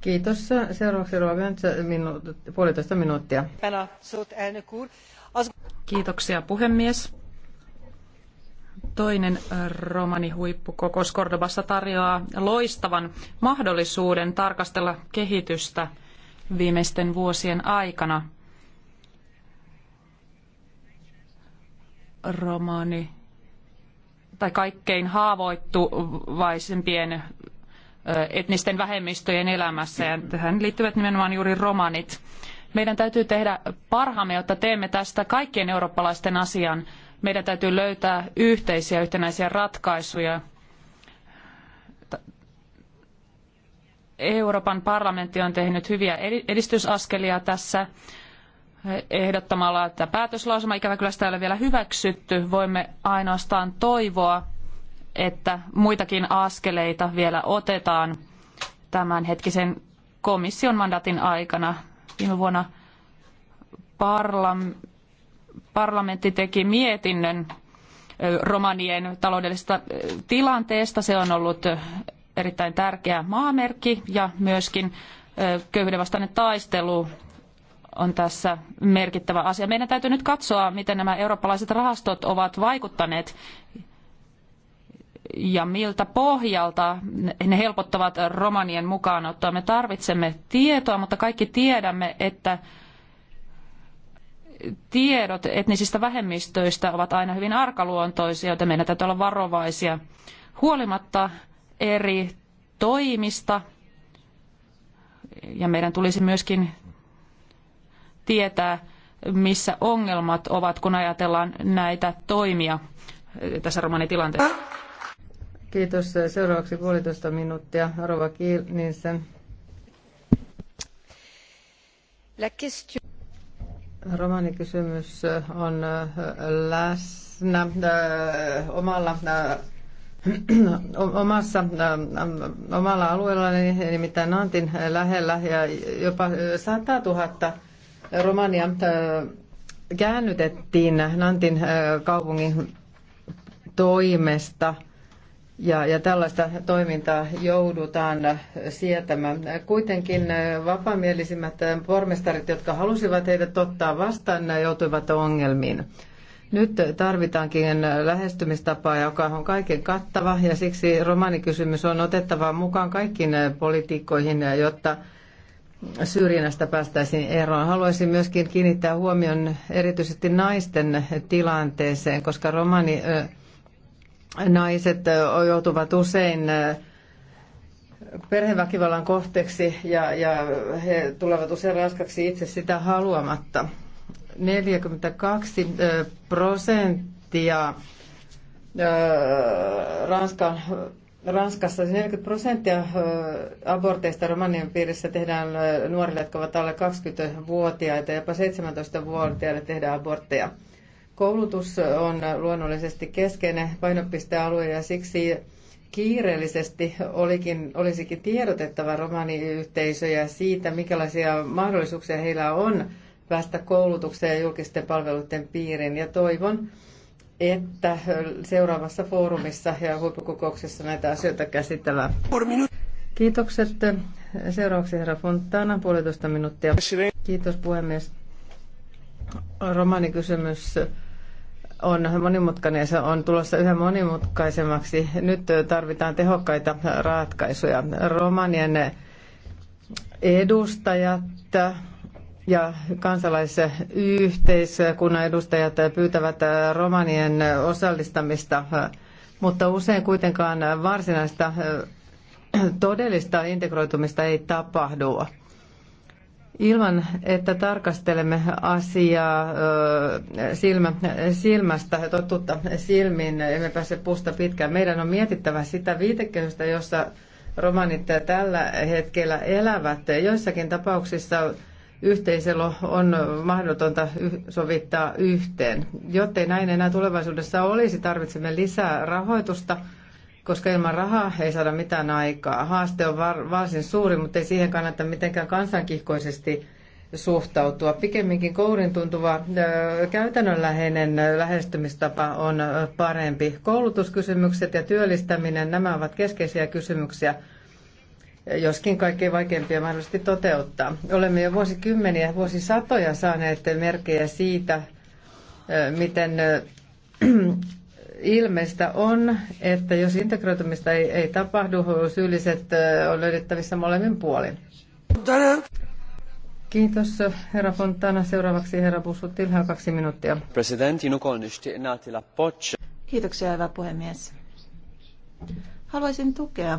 Kiitos. Seuraavaksi Ruokansa puolitoista minuuttia. Kiitoksia puhemies. Toinen äh, romanihuippukokous Cordobassa tarjoaa loistavan mahdollisuuden tarkastella kehitystä viimeisten vuosien aikana. Romani tai kaikkein haavoittuvaisempien etnisten vähemmistöjen elämässä ja tähän liittyvät nimenomaan juuri romanit. Meidän täytyy tehdä parhaamme, jotta teemme tästä kaikkien eurooppalaisten asian. Meidän täytyy löytää yhteisiä yhtenäisiä ratkaisuja. Euroopan parlamentti on tehnyt hyviä edistysaskelia tässä ehdottamalla että päätöslausuma. Ikävä kyllä sitä ei ole vielä hyväksytty. Voimme ainoastaan toivoa, että muitakin askeleita vielä otetaan tämänhetkisen komission mandatin aikana. Viime vuonna parlamentti teki mietinnön romanien taloudellisesta tilanteesta. Se on ollut erittäin tärkeä maamerkki ja myöskin köyhyyden vastainen taistelu on tässä merkittävä asia. Meidän täytyy nyt katsoa, miten nämä eurooppalaiset rahastot ovat vaikuttaneet ja miltä pohjalta ne helpottavat romanien mukaanottoa. Me tarvitsemme tietoa, mutta kaikki tiedämme, että tiedot etnisistä vähemmistöistä ovat aina hyvin arkaluontoisia, joten meidän täytyy olla varovaisia. Huolimatta eri toimista, ja meidän tulisi myöskin tietää, missä ongelmat ovat, kun ajatellaan näitä toimia tässä romanitilanteessa. Kiitos. Seuraavaksi puolitoista minuuttia. Arova Kiil niin La question... Romanikysymys on äh, läsnä äh, omalla äh, [CLEARS THROAT] omassa, omalla alueellani, nimittäin Nantin lähellä, ja jopa 100 000 Romania äh, käännytettiin Nantin äh, kaupungin toimesta ja, ja tällaista toimintaa joudutaan sietämään. Kuitenkin äh, vapamielisimmät pormestarit, jotka halusivat heitä ottaa vastaan, joutuivat ongelmiin. Nyt tarvitaankin lähestymistapaa, joka on kaiken kattava ja siksi romanikysymys on otettava mukaan kaikkiin politiikkoihin, jotta syrjinnästä päästäisiin eroon. Haluaisin myöskin kiinnittää huomion erityisesti naisten tilanteeseen, koska romani naiset joutuvat usein perheväkivallan kohteeksi ja, ja he tulevat usein raskaksi itse sitä haluamatta. 42 prosenttia Ranskan Ranskassa 40 siis prosenttia aborteista romanien piirissä tehdään nuorille, jotka ovat alle 20-vuotiaita ja jopa 17-vuotiaille tehdään abortteja. Koulutus on luonnollisesti keskeinen painopistealue ja siksi kiireellisesti olikin, olisikin tiedotettava romaniyhteisöjä siitä, minkälaisia mahdollisuuksia heillä on päästä koulutukseen ja julkisten palveluiden piiriin. Ja toivon, että seuraavassa foorumissa ja huippukokouksessa näitä asioita käsitellään. Kiitokset. Seuraavaksi herra Fontana, puolitoista minuuttia. Kiitos puhemies. Romanikysymys on monimutkainen ja se on tulossa yhä monimutkaisemmaksi. Nyt tarvitaan tehokkaita ratkaisuja. Romanien edustajat ja kansalaisyhteiskunnan edustajat pyytävät romanien osallistamista, mutta usein kuitenkaan varsinaista todellista integroitumista ei tapahdu. Ilman, että tarkastelemme asiaa silmä, silmästä ja totuutta silmiin, emme pääse puusta pitkään. Meidän on mietittävä sitä viitekehystä, jossa romanit tällä hetkellä elävät. Joissakin tapauksissa yhteiselo on mahdotonta sovittaa yhteen. Jottei näin enää tulevaisuudessa olisi, tarvitsemme lisää rahoitusta, koska ilman rahaa ei saada mitään aikaa. Haaste on varsin suuri, mutta ei siihen kannata mitenkään kansankihkoisesti suhtautua. Pikemminkin kourin tuntuva käytännönläheinen lähestymistapa on parempi. Koulutuskysymykset ja työllistäminen, nämä ovat keskeisiä kysymyksiä – joskin kaikkein vaikeimpia mahdollisesti toteuttaa. Olemme jo vuosikymmeniä, vuosisatoja saaneet merkejä siitä, miten [CLEARS THROAT] ilmeistä on, että jos integroitumista ei, ei tapahdu, syylliset on löydettävissä molemmin puolin. Kiitos, herra Fontana. Seuraavaksi herra Bussutil, kaksi minuuttia. Kiitoksia, hyvä puhemies. Haluaisin tukea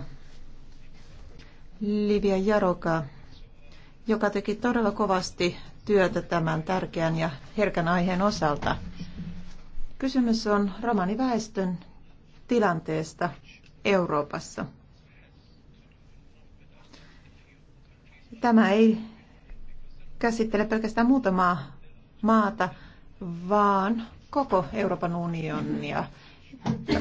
Livia Jaroka, joka teki todella kovasti työtä tämän tärkeän ja herkän aiheen osalta. Kysymys on romaniväestön tilanteesta Euroopassa. Tämä ei käsittele pelkästään muutamaa maata, vaan koko Euroopan unionia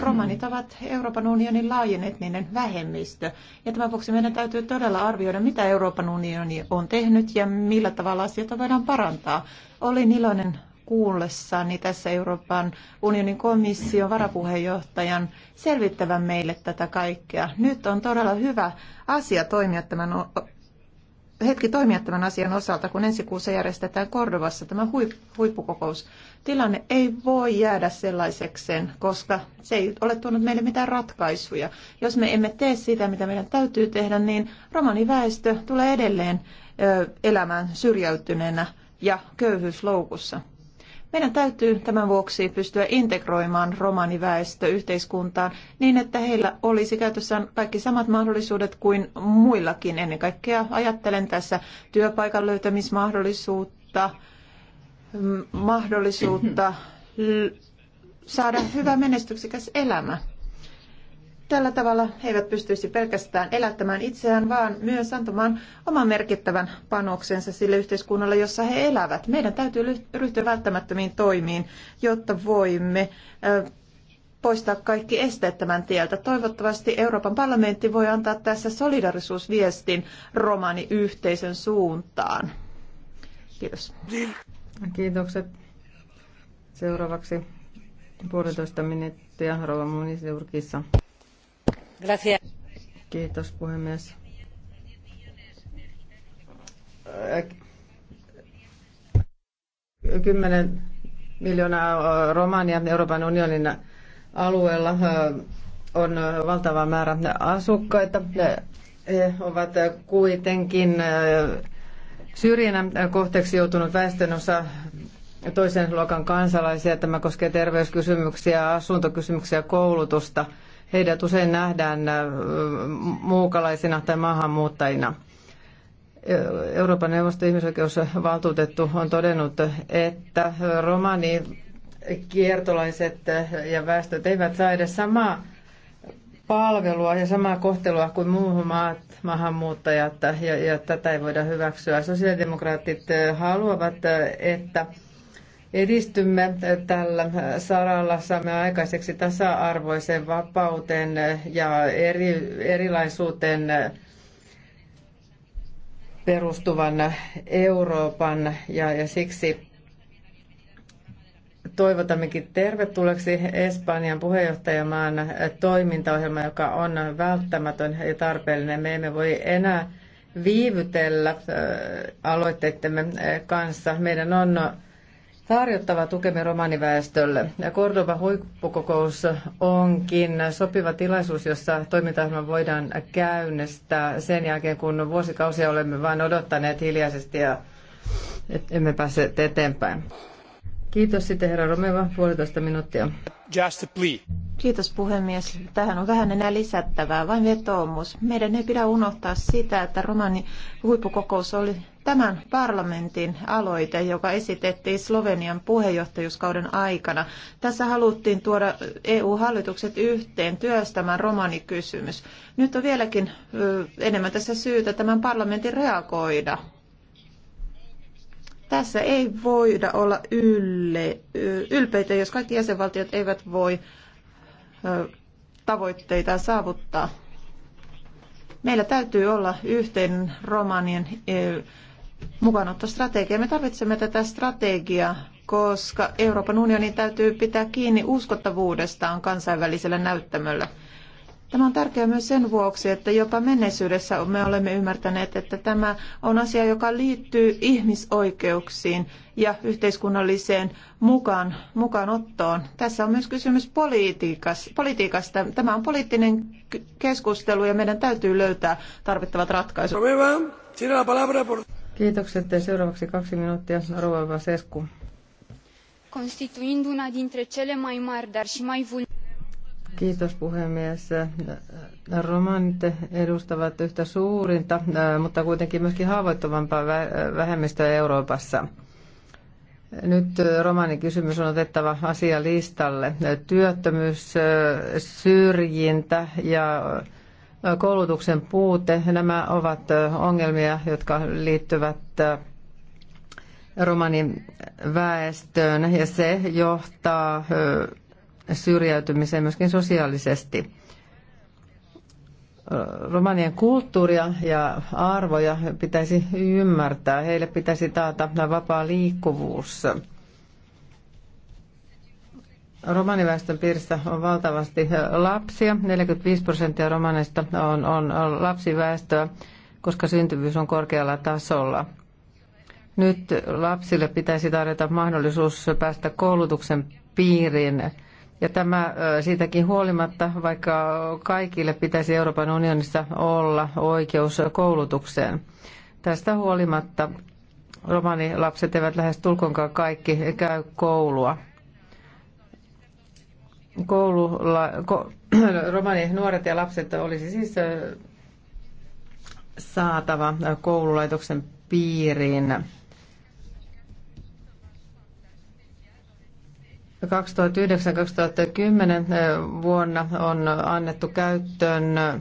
romanit ovat Euroopan unionin etninen vähemmistö. Ja tämän vuoksi meidän täytyy todella arvioida, mitä Euroopan unioni on tehnyt ja millä tavalla asioita voidaan parantaa. Olin iloinen kuullessani tässä Euroopan unionin komission varapuheenjohtajan selvittävän meille tätä kaikkea. Nyt on todella hyvä asia toimia tämän hetki toimia tämän asian osalta, kun ensi kuussa järjestetään Kordovassa tämä huippukokous. Tilanne ei voi jäädä sellaisekseen, koska se ei ole tuonut meille mitään ratkaisuja. Jos me emme tee sitä, mitä meidän täytyy tehdä, niin romaniväestö tulee edelleen elämään syrjäytyneenä ja köyhyysloukussa. Meidän täytyy tämän vuoksi pystyä integroimaan romaniväestö yhteiskuntaan niin, että heillä olisi käytössään kaikki samat mahdollisuudet kuin muillakin. Ennen kaikkea ajattelen tässä työpaikan löytämismahdollisuutta, mm, mahdollisuutta saada hyvä menestyksikäs elämä. Tällä tavalla he eivät pystyisi pelkästään elättämään itseään, vaan myös antamaan oman merkittävän panoksensa sille yhteiskunnalle, jossa he elävät. Meidän täytyy ryhtyä välttämättömiin toimiin, jotta voimme poistaa kaikki esteet tämän tieltä. Toivottavasti Euroopan parlamentti voi antaa tässä solidarisuusviestin romaniyhteisön suuntaan. Kiitos. Kiitokset. Seuraavaksi puolitoista minuuttia Rova Muniseurkissa. Kiitos puhemies. Kymmenen miljoonaa Romania Euroopan unionin alueella on valtava määrä asukkaita. He ovat kuitenkin syrjinnän kohteeksi joutunut väestönosa toisen luokan kansalaisia. Tämä koskee terveyskysymyksiä, asuntokysymyksiä, koulutusta – Heidät usein nähdään muukalaisina tai maahanmuuttajina. Euroopan neuvoston ihmisoikeusvaltuutettu on todennut, että romani kiertolaiset ja väestöt eivät saa edes samaa palvelua ja samaa kohtelua kuin muuhun maat, maahanmuuttajat, ja, ja tätä ei voida hyväksyä. Sosiaalidemokraatit haluavat, että edistymme tällä saralla, saamme aikaiseksi tasa-arvoisen vapauteen ja eri, erilaisuuteen perustuvan Euroopan ja, ja siksi toivotammekin tervetulleeksi Espanjan puheenjohtajamaan toimintaohjelma, joka on välttämätön ja tarpeellinen. Me emme voi enää viivytellä aloitteittemme kanssa. Meidän on tarjottava tukemme romaniväestölle. Ja Cordoba huippukokous onkin sopiva tilaisuus, jossa toimintaohjelma voidaan käynnistää sen jälkeen, kun vuosikausia olemme vain odottaneet hiljaisesti ja emme pääse eteenpäin. Kiitos sitten herra Romeva, puolitoista minuuttia. Just a plea. Kiitos puhemies. Tähän on vähän enää lisättävää, vain vetoomus. Meidän ei pidä unohtaa sitä, että romani huippukokous oli tämän parlamentin aloite, joka esitettiin Slovenian puheenjohtajuuskauden aikana. Tässä haluttiin tuoda EU-hallitukset yhteen työstämään romanikysymys. Nyt on vieläkin enemmän tässä syytä tämän parlamentin reagoida tässä ei voida olla ylle, ylpeitä, jos kaikki jäsenvaltiot eivät voi tavoitteita saavuttaa. Meillä täytyy olla yhteinen romanien mukaanottostrategia. Me tarvitsemme tätä strategiaa, koska Euroopan unionin täytyy pitää kiinni uskottavuudestaan kansainvälisellä näyttämöllä. Tämä on tärkeää myös sen vuoksi, että jopa menneisyydessä me olemme ymmärtäneet, että tämä on asia, joka liittyy ihmisoikeuksiin ja yhteiskunnalliseen mukaan, mukaanottoon. Tässä on myös kysymys politiikasta. Tämä on poliittinen keskustelu ja meidän täytyy löytää tarvittavat ratkaisut. Kiitokset ja seuraavaksi kaksi minuuttia. Rova Sesku. Constituind una dintre cele mai mari, dar și mai vulnerabile Kiitos puhemies. Romanit edustavat yhtä suurinta, mutta kuitenkin myöskin haavoittuvampaa vähemmistöä Euroopassa. Nyt Romanin kysymys on otettava asialistalle. Työttömyys, syrjintä ja koulutuksen puute, nämä ovat ongelmia, jotka liittyvät romanin väestöön ja se johtaa syrjäytymiseen myöskin sosiaalisesti. Romanien kulttuuria ja arvoja pitäisi ymmärtää. Heille pitäisi taata vapaa liikkuvuus. Romaniväestön piirissä on valtavasti lapsia. 45 prosenttia romaneista on, on lapsiväestöä, koska syntyvyys on korkealla tasolla. Nyt lapsille pitäisi tarjota mahdollisuus päästä koulutuksen piiriin ja tämä siitäkin huolimatta, vaikka kaikille pitäisi Euroopan unionissa olla oikeus koulutukseen. Tästä huolimatta romanilapset eivät lähes tulkonkaan kaikki käy koulua. Koulula, ko, [CLEARS THROAT] romani nuoret ja lapset olisi siis saatava koululaitoksen piiriin. 2009-2010 eh, vuonna on annettu käyttöön eh,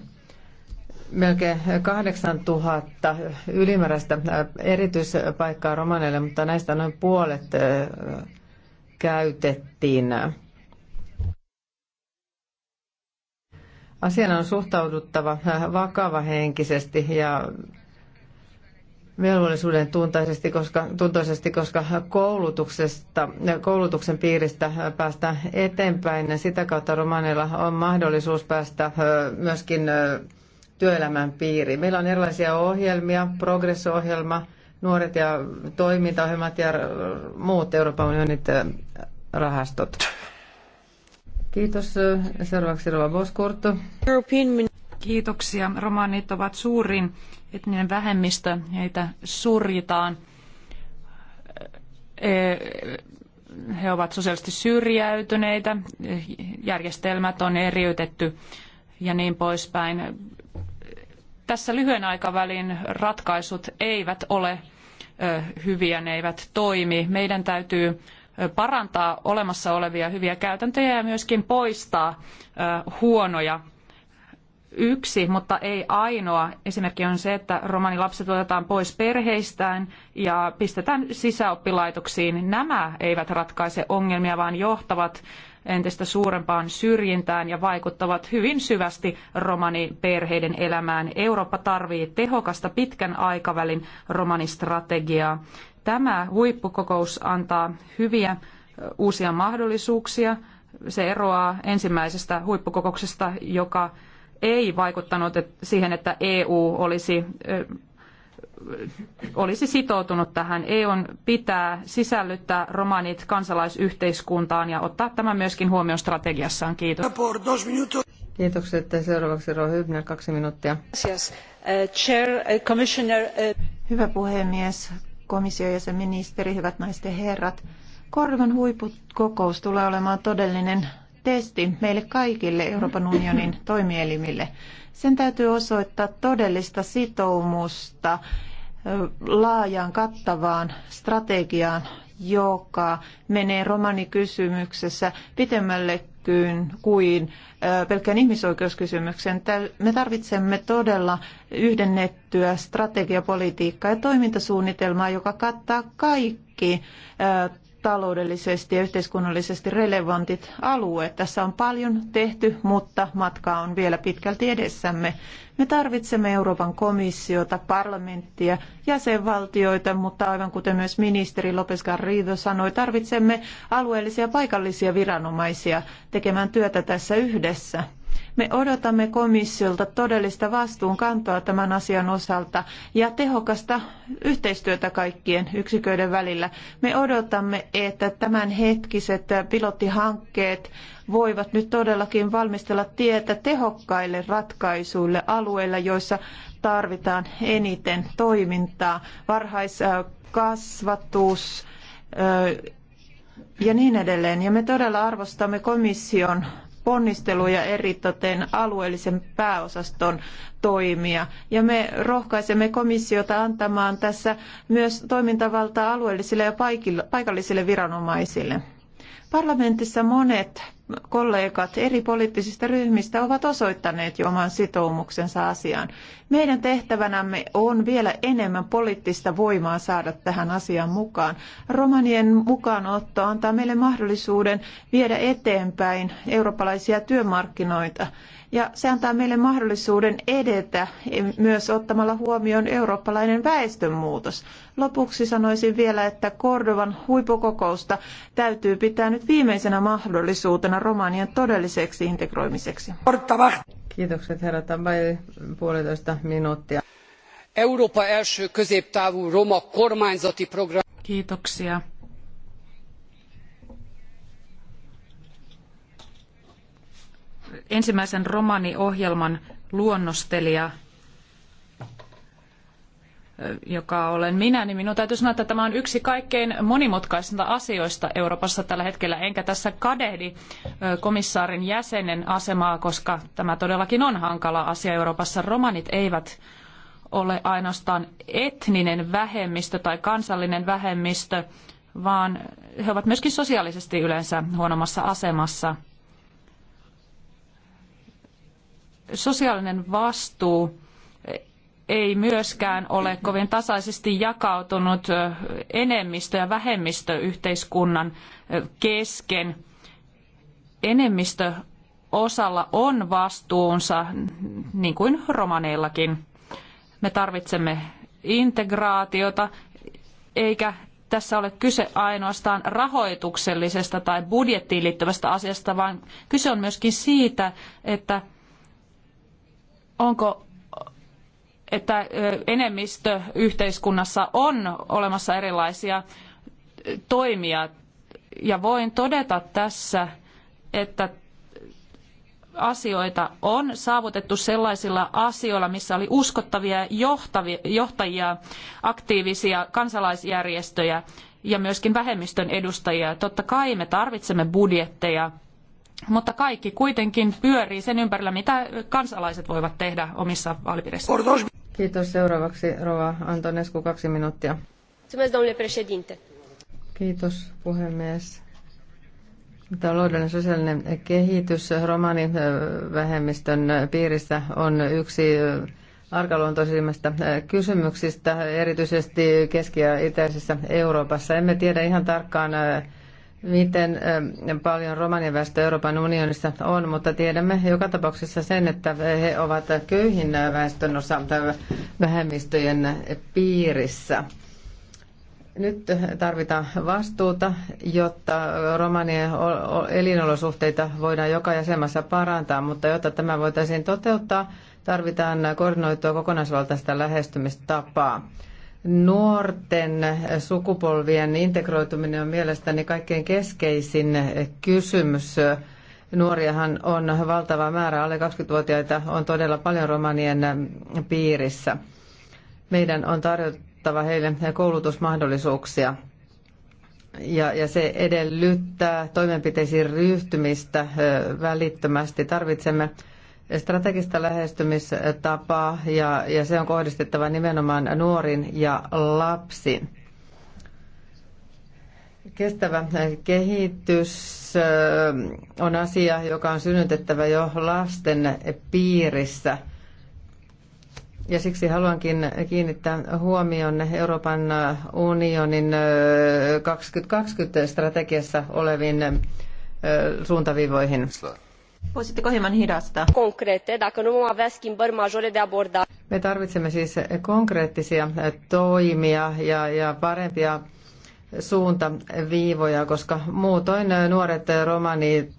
melkein 8000 ylimääräistä eh, erityispaikkaa romaneille, mutta näistä noin puolet käytettiin. Asiaan on suhtauduttava vakava henkisesti ja velvollisuuden tuntaisesti, koska, tuntoisesti, koska koulutuksesta, koulutuksen piiristä päästään eteenpäin. Sitä kautta romaneilla on mahdollisuus päästä myöskin työelämän piiriin. Meillä on erilaisia ohjelmia, progressohjelma, nuoret ja toimintaohjelmat ja muut Euroopan unionin rahastot. Kiitos. Seuraavaksi Rova European Kiitoksia. Romanit ovat suurin etninen vähemmistö, heitä surjitaan. E, he ovat sosiaalisesti syrjäytyneitä, järjestelmät on eriytetty ja niin poispäin. Tässä lyhyen aikavälin ratkaisut eivät ole e, hyviä, ne eivät toimi. Meidän täytyy e, parantaa olemassa olevia hyviä käytäntöjä ja myöskin poistaa huonoja Yksi, mutta ei ainoa esimerkki on se, että romanilapset otetaan pois perheistään ja pistetään sisäoppilaitoksiin. Nämä eivät ratkaise ongelmia, vaan johtavat entistä suurempaan syrjintään ja vaikuttavat hyvin syvästi romaniperheiden elämään. Eurooppa tarvitsee tehokasta pitkän aikavälin romanistrategiaa. Tämä huippukokous antaa hyviä uusia mahdollisuuksia. Se eroaa ensimmäisestä huippukokouksesta, joka ei vaikuttanut siihen, että EU olisi olisi sitoutunut tähän. EUn pitää sisällyttää romanit kansalaisyhteiskuntaan ja ottaa tämä myöskin huomioon strategiassaan. Kiitos. Kiitokset. Seuraavaksi Roa Hybner, kaksi minuuttia. Uh, uh, uh, Hyvä puhemies, komission jäsen ministeri, hyvät naiset ja herrat. Korvan huippukokous tulee olemaan todellinen testi meille kaikille Euroopan unionin toimielimille. Sen täytyy osoittaa todellista sitoumusta laajaan kattavaan strategiaan, joka menee romanikysymyksessä pitemmälle kuin pelkkään ihmisoikeuskysymykseen. Me tarvitsemme todella yhdennettyä strategiapolitiikkaa ja toimintasuunnitelmaa, joka kattaa kaikki taloudellisesti ja yhteiskunnallisesti relevantit alueet. Tässä on paljon tehty, mutta matkaa on vielä pitkälti edessämme. Me tarvitsemme Euroopan komissiota, parlamenttia, jäsenvaltioita, mutta aivan kuten myös ministeri Lopes Garrido sanoi, tarvitsemme alueellisia ja paikallisia viranomaisia tekemään työtä tässä yhdessä. Me odotamme komissiolta todellista vastuunkantoa tämän asian osalta ja tehokasta yhteistyötä kaikkien yksiköiden välillä. Me odotamme, että tämänhetkiset pilottihankkeet voivat nyt todellakin valmistella tietä tehokkaille ratkaisuille alueilla, joissa tarvitaan eniten toimintaa, varhaiskasvatus ja niin edelleen. Ja me todella arvostamme komission ponnisteluja eritoten alueellisen pääosaston toimia. Ja me rohkaisemme komissiota antamaan tässä myös toimintavaltaa alueellisille ja paikallisille viranomaisille. Parlamentissa monet kollegat eri poliittisista ryhmistä ovat osoittaneet jo oman sitoumuksensa asiaan. Meidän tehtävänämme on vielä enemmän poliittista voimaa saada tähän asiaan mukaan. Romanien mukaanotto antaa meille mahdollisuuden viedä eteenpäin eurooppalaisia työmarkkinoita ja se antaa meille mahdollisuuden edetä myös ottamalla huomioon eurooppalainen väestönmuutos. Lopuksi sanoisin vielä, että Kordovan huippukokousta täytyy pitää nyt viimeisenä mahdollisuutena Romanian todelliseksi integroimiseksi. Kiitokset herra Tabai, puolitoista minuuttia. Euroopan első középtávú roma kormányzati program. Kiitoksia. ensimmäisen romaniohjelman luonnostelija, joka olen minä, niin minun täytyy sanoa, että tämä on yksi kaikkein monimutkaisinta asioista Euroopassa tällä hetkellä, enkä tässä kadehdi komissaarin jäsenen asemaa, koska tämä todellakin on hankala asia Euroopassa. Romanit eivät ole ainoastaan etninen vähemmistö tai kansallinen vähemmistö, vaan he ovat myöskin sosiaalisesti yleensä huonommassa asemassa – sosiaalinen vastuu ei myöskään ole kovin tasaisesti jakautunut enemmistö- ja vähemmistöyhteiskunnan kesken. Enemmistö osalla on vastuunsa, niin kuin romaneillakin. Me tarvitsemme integraatiota, eikä tässä ole kyse ainoastaan rahoituksellisesta tai budjettiin liittyvästä asiasta, vaan kyse on myöskin siitä, että – onko että enemmistö yhteiskunnassa on olemassa erilaisia toimia. Ja voin todeta tässä, että asioita on saavutettu sellaisilla asioilla, missä oli uskottavia johtajia, aktiivisia kansalaisjärjestöjä ja myöskin vähemmistön edustajia. Totta kai me tarvitsemme budjetteja mutta kaikki kuitenkin pyörii sen ympärillä, mitä kansalaiset voivat tehdä omissa vaalipiireissä. Kiitos. Seuraavaksi Rova Antonescu, kaksi minuuttia. Kiitos puhemies. Taloudellinen sosiaalinen kehitys romanivähemmistön äh, piirissä on yksi äh, arkaluontoisimmista äh, kysymyksistä, erityisesti Keski- ja Itäisessä Euroopassa. Emme tiedä ihan tarkkaan, miten ähm, paljon romaniväestö Euroopan unionissa on, mutta tiedämme joka tapauksessa sen, että he ovat köyhin väestön osalta vähemmistöjen piirissä. Nyt tarvitaan vastuuta, jotta romanien elinolosuhteita voidaan joka jäsenmaassa parantaa, mutta jotta tämä voitaisiin toteuttaa, tarvitaan koordinoitua kokonaisvaltaista lähestymistapaa. Nuorten sukupolvien integroituminen on mielestäni kaikkein keskeisin kysymys. Nuoriahan on valtava määrä, alle 20-vuotiaita on todella paljon romanien piirissä. Meidän on tarjottava heille koulutusmahdollisuuksia. Ja, ja se edellyttää toimenpiteisiin ryhtymistä välittömästi. Tarvitsemme strategista lähestymistapaa ja, ja se on kohdistettava nimenomaan nuorin ja lapsiin. Kestävä kehitys on asia, joka on synnytettävä jo lasten piirissä. Ja siksi haluankin kiinnittää huomion Euroopan unionin 2020 strategiassa oleviin suuntaviivoihin. Voisitteko hieman hidastaa? Konkreette, dacă nu vom avea schimbări majore de abordare. Me tarvitsemme siis konkreettisia toimia ja, ja parempia suuntaviivoja, koska muutoin nuoret romanit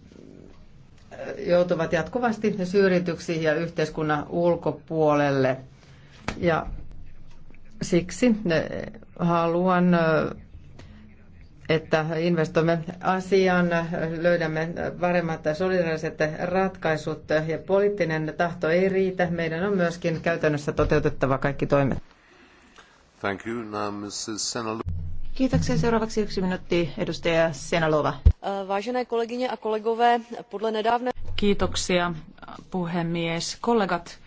joutuvat jatkuvasti syrjityksi ja yhteiskunnan ulkopuolelle. Ja siksi haluan että investoimme asiaan, löydämme paremmat solidaariset ratkaisut ja poliittinen tahto ei riitä. Meidän on myöskin käytännössä toteutettava kaikki toimet. Thank you. Now, Kiitoksia. Seuraavaksi yksi minuutti edustaja Senalova. Vážené kolegyně a kolegové, podle nedávne... Kiitoksia puhemies. Kollegat,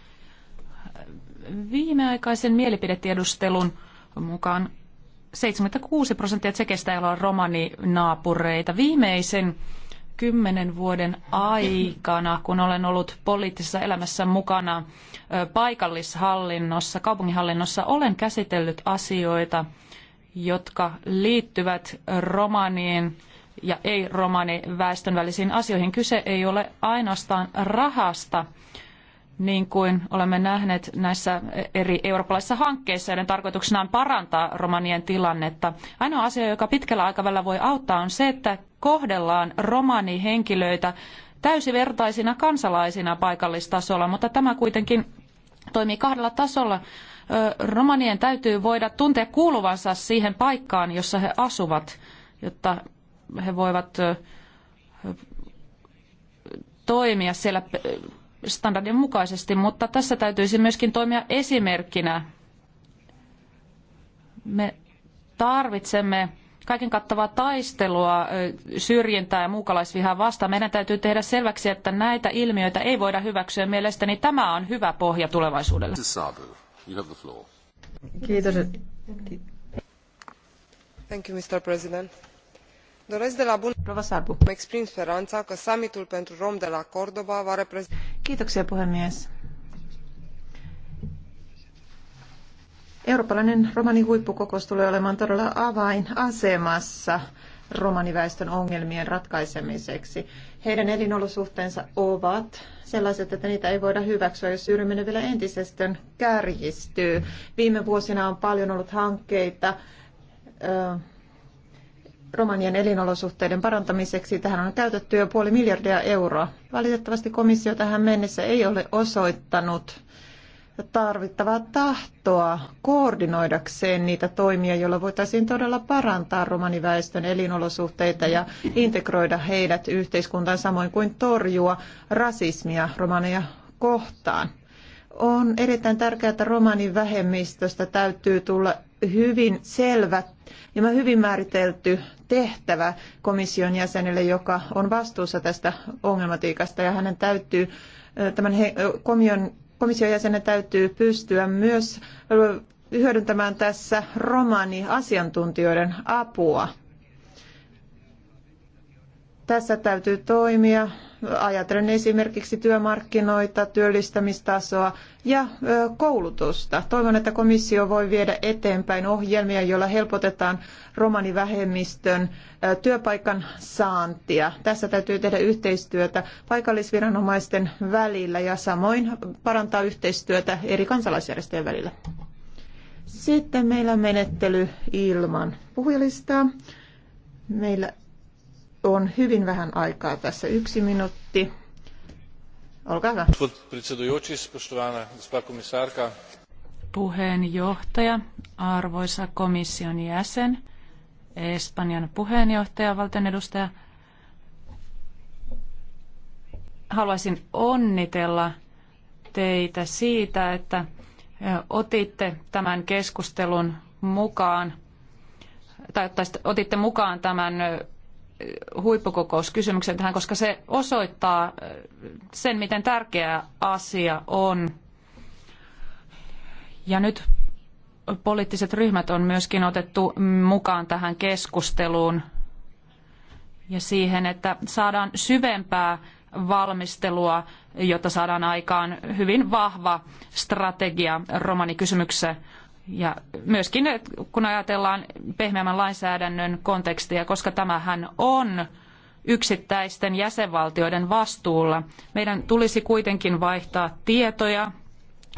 viimeaikaisen mielipidetiedustelun mukaan 76 prosenttia tsekestä joilla on romaninaapureita. Viimeisen kymmenen vuoden aikana, kun olen ollut poliittisessa elämässä mukana paikallishallinnossa, kaupunginhallinnossa, olen käsitellyt asioita, jotka liittyvät Romaniin ja ei-romaniväestön välisiin asioihin. Kyse ei ole ainoastaan rahasta, niin kuin olemme nähneet näissä eri eurooppalaisissa hankkeissa, joiden tarkoituksena on parantaa romanien tilannetta. Ainoa asia, joka pitkällä aikavälillä voi auttaa, on se, että kohdellaan romanihenkilöitä täysivertaisina kansalaisina paikallistasolla, mutta tämä kuitenkin toimii kahdella tasolla. Romanien täytyy voida tuntea kuuluvansa siihen paikkaan, jossa he asuvat, jotta he voivat toimia siellä standardin mukaisesti, mutta tässä täytyisi myöskin toimia esimerkkinä. Me tarvitsemme kaiken kattavaa taistelua syrjintää ja muukalaisvihaa vastaan. Meidän täytyy tehdä selväksi, että näitä ilmiöitä ei voida hyväksyä. Mielestäni tämä on hyvä pohja tulevaisuudelle. Kiitos. Thank you, Mr. President doresc de la bun început să îmi exprim sperana că summitul pentru romi de la cordoba va reprezenta. kiitoksia puhemies Eurooppalainen romanihuippukokous tulee olemaan todella avainasemassa romaniväestön ongelmien ratkaisemiseksi. Heidän elinolosuhteensa ovat sellaiset, että niitä ei voida hyväksyä, jos syrjiminen vielä entisestön kärjistyy. Viime vuosina on paljon ollut hankkeita, romanien elinolosuhteiden parantamiseksi. Tähän on käytetty jo puoli miljardia euroa. Valitettavasti komissio tähän mennessä ei ole osoittanut tarvittavaa tahtoa koordinoidakseen niitä toimia, joilla voitaisiin todella parantaa romaniväestön elinolosuhteita ja integroida heidät yhteiskuntaan samoin kuin torjua rasismia romaneja kohtaan. On erittäin tärkeää, että romanin vähemmistöstä täytyy tulla hyvin selvä ja hyvin määritelty tehtävä komission jäsenelle, joka on vastuussa tästä ongelmatiikasta ja hänen täytyy tämän komion, komission jäsenen täytyy pystyä myös hyödyntämään tässä romani asiantuntijoiden apua. Tässä täytyy toimia ajatellen esimerkiksi työmarkkinoita, työllistämistasoa ja koulutusta. Toivon, että komissio voi viedä eteenpäin ohjelmia, joilla helpotetaan romanivähemmistön työpaikan saantia. Tässä täytyy tehdä yhteistyötä paikallisviranomaisten välillä ja samoin parantaa yhteistyötä eri kansalaisjärjestöjen välillä. Sitten meillä on menettely ilman puhujalistaa. Meillä on hyvin vähän aikaa tässä. Yksi minuutti. Olkaa hyvä. Puheenjohtaja, arvoisa komission jäsen, Espanjan puheenjohtaja, valtion edustaja. Haluaisin onnitella teitä siitä, että otitte tämän keskustelun mukaan tai otitte mukaan tämän huippukokouskysymyksen tähän, koska se osoittaa sen, miten tärkeä asia on. Ja nyt poliittiset ryhmät on myöskin otettu mukaan tähän keskusteluun ja siihen, että saadaan syvempää valmistelua, jotta saadaan aikaan hyvin vahva strategia romanikysymyksessä. Ja myöskin kun ajatellaan pehmeämmän lainsäädännön kontekstia, koska tämähän on yksittäisten jäsenvaltioiden vastuulla, meidän tulisi kuitenkin vaihtaa tietoja,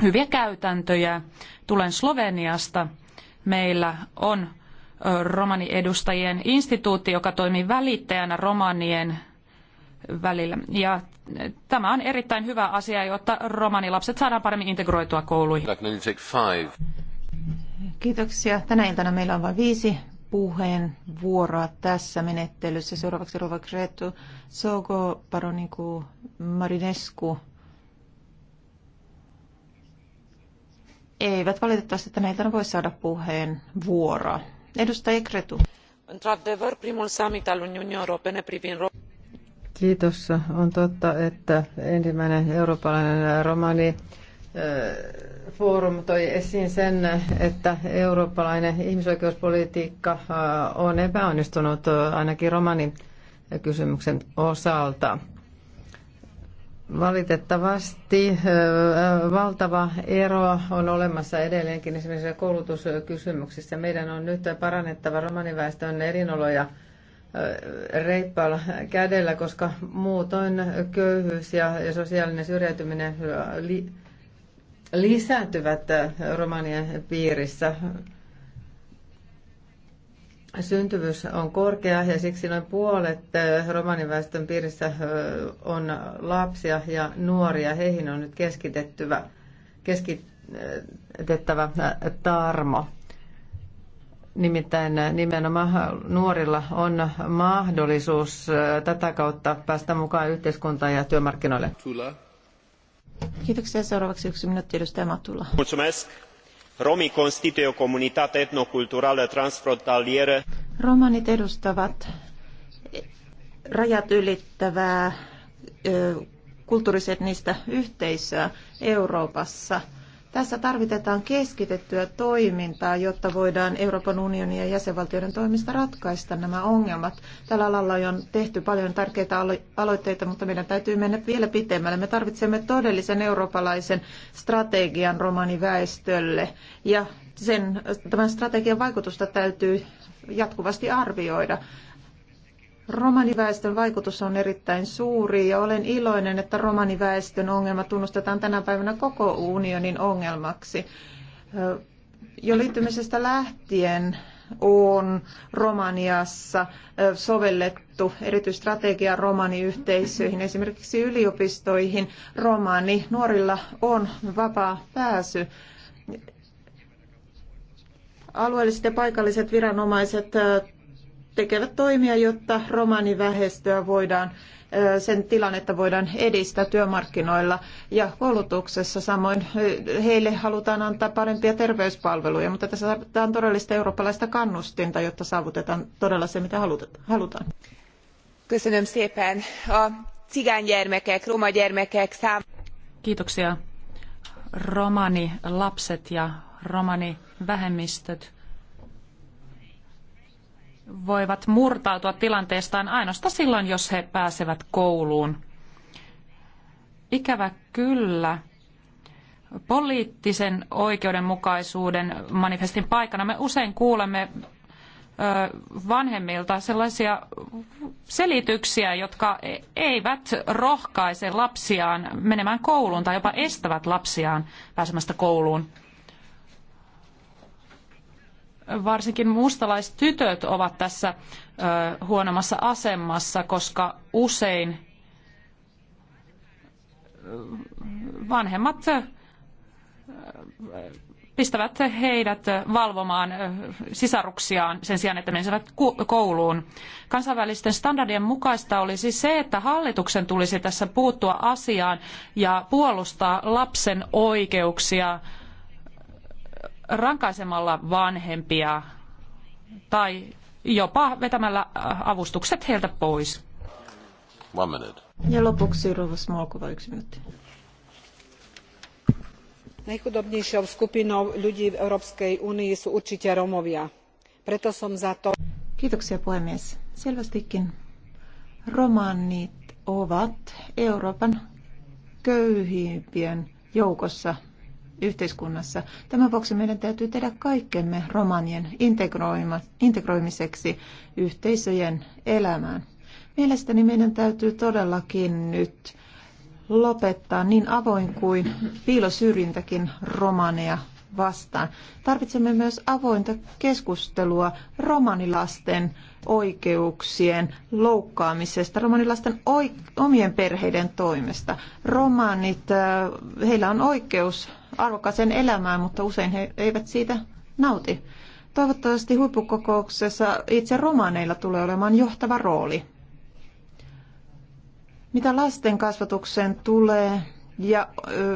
hyviä käytäntöjä. Tulen Sloveniasta. Meillä on romaniedustajien instituutti, joka toimii välittäjänä romanien välillä. Ja tämä on erittäin hyvä asia, jotta romanilapset saadaan paremmin integroitua kouluihin. Kiitoksia. Tänä iltana meillä on vain viisi puheenvuoroa tässä menettelyssä. Seuraavaksi Rova Kretu, Sogo, Paroniku, Marinescu. Eivät valitettavasti tänä iltana voi saada puheenvuoroa. Edustaja Kretu. Într-adevăr, primul summit al Uniunii Europene privind Kiitos. On totta, että ensimmäinen eurooppalainen romani Forum toi esiin sen, että eurooppalainen ihmisoikeuspolitiikka on epäonnistunut ainakin romanin kysymyksen osalta. Valitettavasti valtava ero on olemassa edelleenkin esimerkiksi koulutuskysymyksissä. Meidän on nyt parannettava romaniväestön erinoloja reippaalla kädellä, koska muutoin köyhyys ja sosiaalinen syrjäytyminen lisääntyvät äh, romanien piirissä. Syntyvyys on korkea ja siksi noin puolet äh, romaniväestön piirissä äh, on lapsia ja nuoria. Heihin on nyt keskitettyvä, keskitettävä tarmo. Nimittäin nimenomaan nuorilla on mahdollisuus tätä kautta päästä mukaan yhteiskuntaan ja työmarkkinoille. Tula. Kiitoksia. Seuraavaksi yksi minuutti edustaja Matula. Mulțumesc. Romi constituie o comunitate etnoculturală transfrontalieră. Romanit edustavat rajat ylittävää kulttuurisetnistä yhteisöä Euroopassa – tässä tarvitetaan keskitettyä toimintaa, jotta voidaan Euroopan unionin ja jäsenvaltioiden toimista ratkaista nämä ongelmat. Tällä alalla on tehty paljon tärkeitä alo- aloitteita, mutta meidän täytyy mennä vielä pitemmälle. Me tarvitsemme todellisen eurooppalaisen strategian romaniväestölle ja sen, tämän strategian vaikutusta täytyy jatkuvasti arvioida. Romaniväestön vaikutus on erittäin suuri ja olen iloinen, että romaniväestön ongelma tunnustetaan tänä päivänä koko unionin ongelmaksi. Jo liittymisestä lähtien on Romaniassa sovellettu erityistrategia romaniyhteisöihin, esimerkiksi yliopistoihin. Romani nuorilla on vapaa pääsy. Alueelliset ja paikalliset viranomaiset tekevät toimia, jotta romanivähestöä voidaan sen tilannetta voidaan edistää työmarkkinoilla ja koulutuksessa. Samoin heille halutaan antaa parempia terveyspalveluja, mutta tässä tarvitaan todellista eurooppalaista kannustinta, jotta saavutetaan todella se, mitä halutaan. Köszönöm szépen. A cigánygyermekek, szám... Kiitoksia. Romani lapset ja romani vähemmistöt voivat murtautua tilanteestaan ainoastaan silloin, jos he pääsevät kouluun. Ikävä kyllä. Poliittisen oikeudenmukaisuuden manifestin paikana me usein kuulemme vanhemmilta sellaisia selityksiä, jotka eivät rohkaise lapsiaan menemään kouluun tai jopa estävät lapsiaan pääsemästä kouluun varsinkin mustalaistytöt ovat tässä huonommassa asemassa, koska usein vanhemmat pistävät heidät valvomaan sisaruksiaan sen sijaan, että menisivät kouluun. Kansainvälisten standardien mukaista olisi se, että hallituksen tulisi tässä puuttua asiaan ja puolustaa lapsen oikeuksia rankaisemalla vanhempia tai jopa vetämällä äh, avustukset heiltä pois. One minute. Ja lopuksi Rova Smolkova, yksi minuutti. Najchudobnejšou skupinou ľudí v Európskej únii sú určite Romovia. Preto som za to... Kiitoksia puhemies. Selvästikin romanit ovat Euroopan köyhimpien joukossa yhteiskunnassa. Tämän vuoksi meidän täytyy tehdä kaikkemme romanien integroimiseksi yhteisöjen elämään. Mielestäni meidän täytyy todellakin nyt lopettaa niin avoin kuin piilosyrjintäkin romaneja vastaan. Tarvitsemme myös avointa keskustelua romanilasten oikeuksien loukkaamisesta, romanilasten omien perheiden toimesta. Romanit, äh, heillä on oikeus arvokkaaseen elämään, mutta usein he eivät siitä nauti. Toivottavasti huippukokouksessa itse romaneilla tulee olemaan johtava rooli. Mitä lasten kasvatukseen tulee ja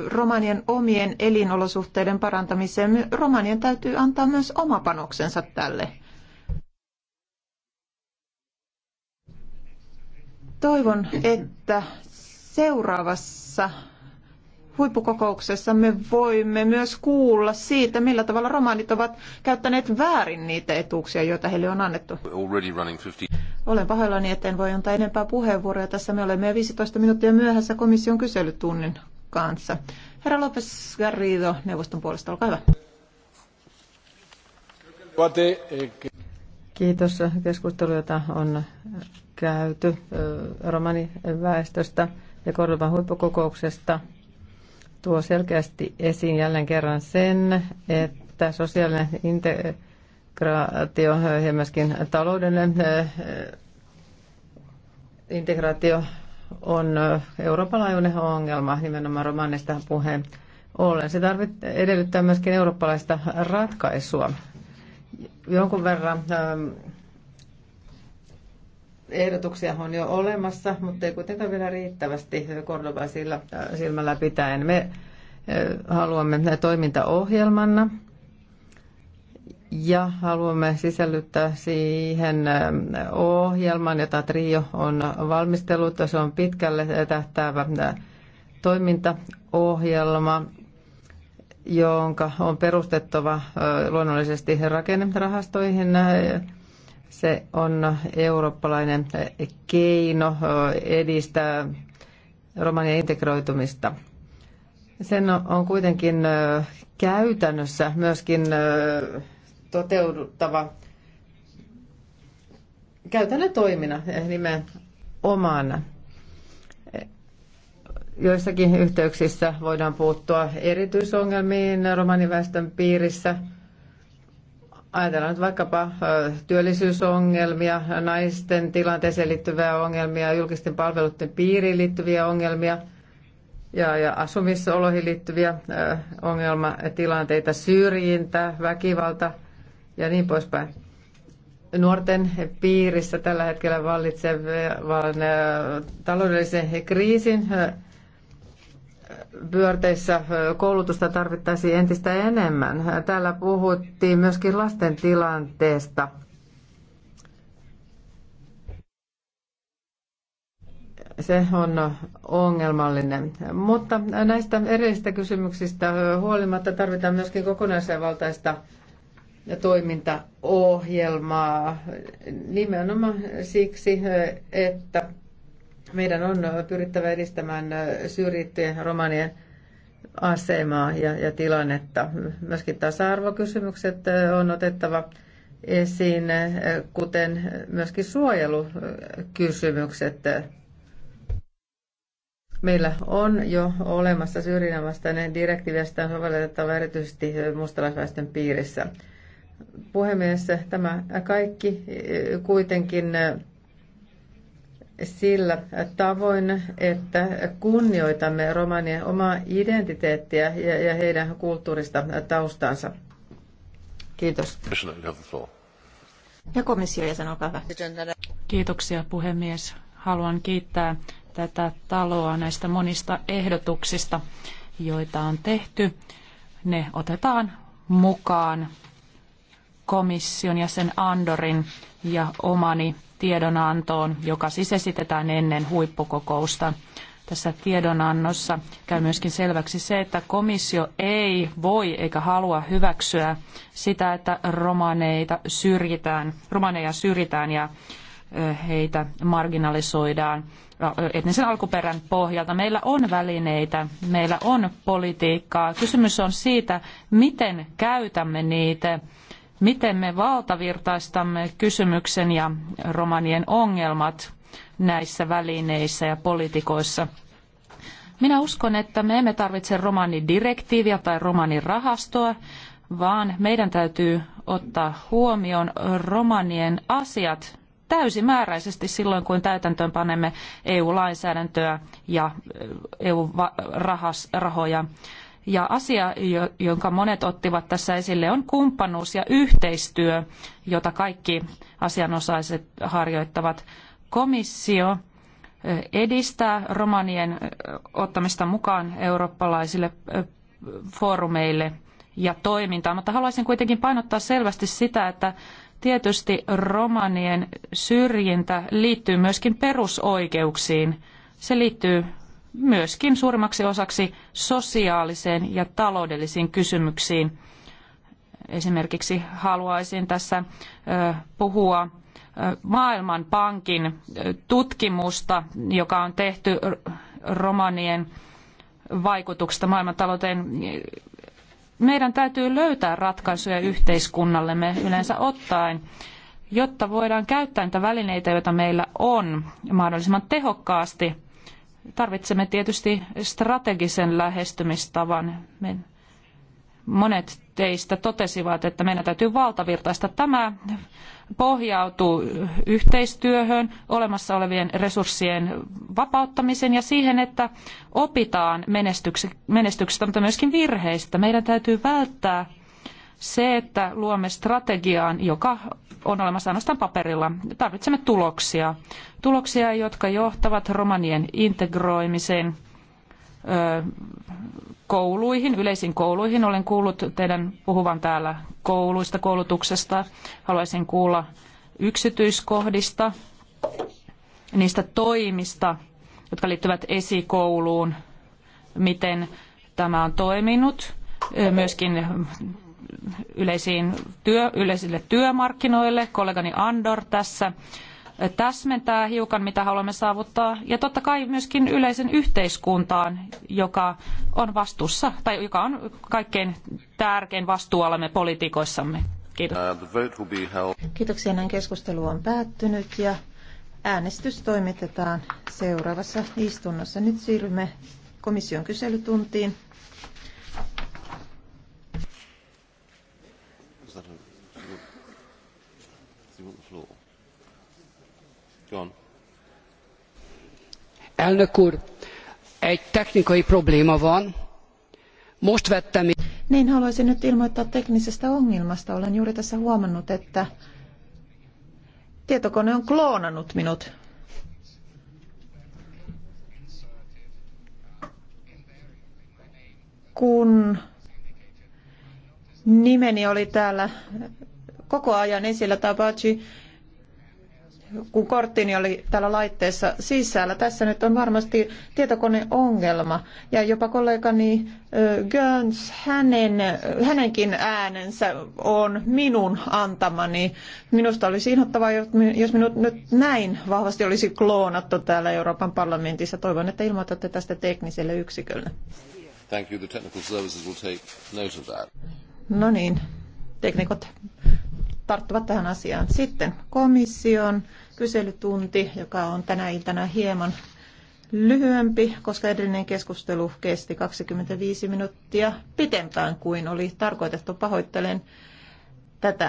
romanien omien elinolosuhteiden parantamiseen, romanien täytyy antaa myös oma panoksensa tälle. Toivon, että seuraavassa huippukokouksessamme me voimme myös kuulla siitä, millä tavalla romanit ovat käyttäneet väärin niitä etuuksia, joita heille on annettu. Olen pahoillani, en voi antaa enempää puheenvuoroja. Tässä me olemme 15 minuuttia myöhässä komission kyselytunnin kanssa. Herra López Garrido, neuvoston puolesta, olkaa hyvä. Kiitos keskustelu, jota on käyty romaniväestöstä ja Kordovan huippukokouksesta tuo selkeästi esiin jälleen kerran sen, että sosiaalinen integraatio ja myöskin taloudellinen eh, integraatio on eh, Euroopan laajuinen ongelma, nimenomaan romaanista puheen ollen. Se edellyttää myöskin eurooppalaista ratkaisua. Jonkun verran eh, ehdotuksia on jo olemassa, mutta ei kuitenkaan vielä riittävästi Kordobaa sillä, äh, silmällä pitäen. Me äh, haluamme toimintaohjelmana ja haluamme sisällyttää siihen äh, ohjelman, jota Trio on valmistellut. Se on pitkälle tähtäävä toimintaohjelma, jonka on perustettava luonnollisesti rakennerahastoihin se on eurooppalainen keino edistää romanien integroitumista. Sen on kuitenkin käytännössä myöskin toteuduttava käytännön toimina eh, nimenomaan. Joissakin yhteyksissä voidaan puuttua erityisongelmiin romaniväestön piirissä – Ajatellaan nyt vaikkapa työllisyysongelmia, naisten tilanteeseen liittyviä ongelmia, julkisten palveluiden piiriin liittyviä ongelmia ja, ja asumisoloihin liittyviä ongelmatilanteita, syrjintä, väkivalta ja niin poispäin. Nuorten piirissä tällä hetkellä vallitsevan taloudellisen kriisin pyörteissä koulutusta tarvittaisiin entistä enemmän. Täällä puhuttiin myöskin lasten tilanteesta. Se on ongelmallinen. Mutta näistä erillisistä kysymyksistä huolimatta tarvitaan myöskin kokonaisvaltaista toimintaohjelmaa nimenomaan siksi, että meidän on pyrittävä edistämään syrjittyjen romanien asemaa ja, ja tilannetta. Myöskin tasa-arvokysymykset on otettava esiin, kuten myöskin suojelukysymykset. Meillä on jo olemassa syrjinnän vastainen direktiivi, ja sitä on sovellettava erityisesti mustalaisväestön piirissä. Puhemies, tämä kaikki kuitenkin sillä tavoin, että kunnioitamme romanien omaa identiteettiä ja, heidän kulttuurista taustansa. Kiitos. Ja komission jäsen, olkaa hyvä. Kiitoksia puhemies. Haluan kiittää tätä taloa näistä monista ehdotuksista, joita on tehty. Ne otetaan mukaan komission jäsen Andorin ja omani tiedonantoon, joka siis esitetään ennen huippukokousta. Tässä tiedonannossa käy myöskin selväksi se, että komissio ei voi eikä halua hyväksyä sitä, että romaneita syrjitään, romaneja syrjitään ja heitä marginalisoidaan etnisen alkuperän pohjalta. Meillä on välineitä, meillä on politiikkaa. Kysymys on siitä, miten käytämme niitä miten me valtavirtaistamme kysymyksen ja romanien ongelmat näissä välineissä ja politikoissa. Minä uskon, että me emme tarvitse romanidirektiiviä tai romanirahastoa, vaan meidän täytyy ottaa huomioon romanien asiat täysimääräisesti silloin, kun täytäntöön panemme EU-lainsäädäntöä ja EU-rahoja ja asia, jonka monet ottivat tässä esille, on kumppanuus ja yhteistyö, jota kaikki asianosaiset harjoittavat. Komissio eh, edistää romanien eh, ottamista mukaan eurooppalaisille eh, foorumeille ja toimintaan, mutta haluaisin kuitenkin painottaa selvästi sitä, että tietysti romanien syrjintä liittyy myöskin perusoikeuksiin. Se liittyy myöskin suurimmaksi osaksi sosiaaliseen ja taloudellisiin kysymyksiin. Esimerkiksi haluaisin tässä puhua Maailmanpankin tutkimusta, joka on tehty romanien vaikutuksesta maailmantalouteen. Meidän täytyy löytää ratkaisuja yhteiskunnallemme yleensä ottaen, jotta voidaan käyttää niitä välineitä, joita meillä on mahdollisimman tehokkaasti tarvitsemme tietysti strategisen lähestymistavan. Me monet teistä totesivat, että meidän täytyy valtavirtaista. Tämä pohjautuu yhteistyöhön, olemassa olevien resurssien vapauttamiseen ja siihen, että opitaan menestyksestä, mutta myöskin virheistä. Meidän täytyy välttää se, että luomme strategiaan, joka on olemassa ainoastaan paperilla. Tarvitsemme tuloksia. Tuloksia, jotka johtavat romanien integroimiseen kouluihin, yleisiin kouluihin. Olen kuullut teidän puhuvan täällä kouluista, koulutuksesta. Haluaisin kuulla yksityiskohdista, niistä toimista, jotka liittyvät esikouluun, miten tämä on toiminut, myöskin yleisiin työ, yleisille työmarkkinoille. Kollegani Andor tässä täsmentää hiukan, mitä haluamme saavuttaa. Ja totta kai myöskin yleisen yhteiskuntaan, joka on vastuussa, tai joka on kaikkein tärkein vastuualamme politiikoissamme. Kiitos. Uh, Kiitoksia. Näin keskustelu on päättynyt ja äänestys toimitetaan seuraavassa istunnossa. Nyt siirrymme komission kyselytuntiin. Elnök úr, egy technikai probléma van. Most vettem... Niin, haluaisin nyt ilmoittaa teknisestä ongelmasta. Olen juuri tässä huomannut, että tietokone on kloonannut minut. Kun nimeni oli täällä koko ajan esillä Tabachi kun korttini oli täällä laitteessa sisällä. Tässä nyt on varmasti tietokoneongelma. Ja jopa kollegani Göns, hänen, hänenkin äänensä on minun antamani. Minusta olisi inhottavaa, jos minut nyt näin vahvasti olisi kloonattu täällä Euroopan parlamentissa. Toivon, että ilmoitatte tästä tekniselle yksikölle. Thank you. The technical services will take note of that. No niin, teknikot tarttuvat tähän asiaan. Sitten komission kyselytunti, joka on tänä iltana hieman lyhyempi, koska edellinen keskustelu kesti 25 minuuttia pitempään kuin oli tarkoitettu. Pahoittelen tätä.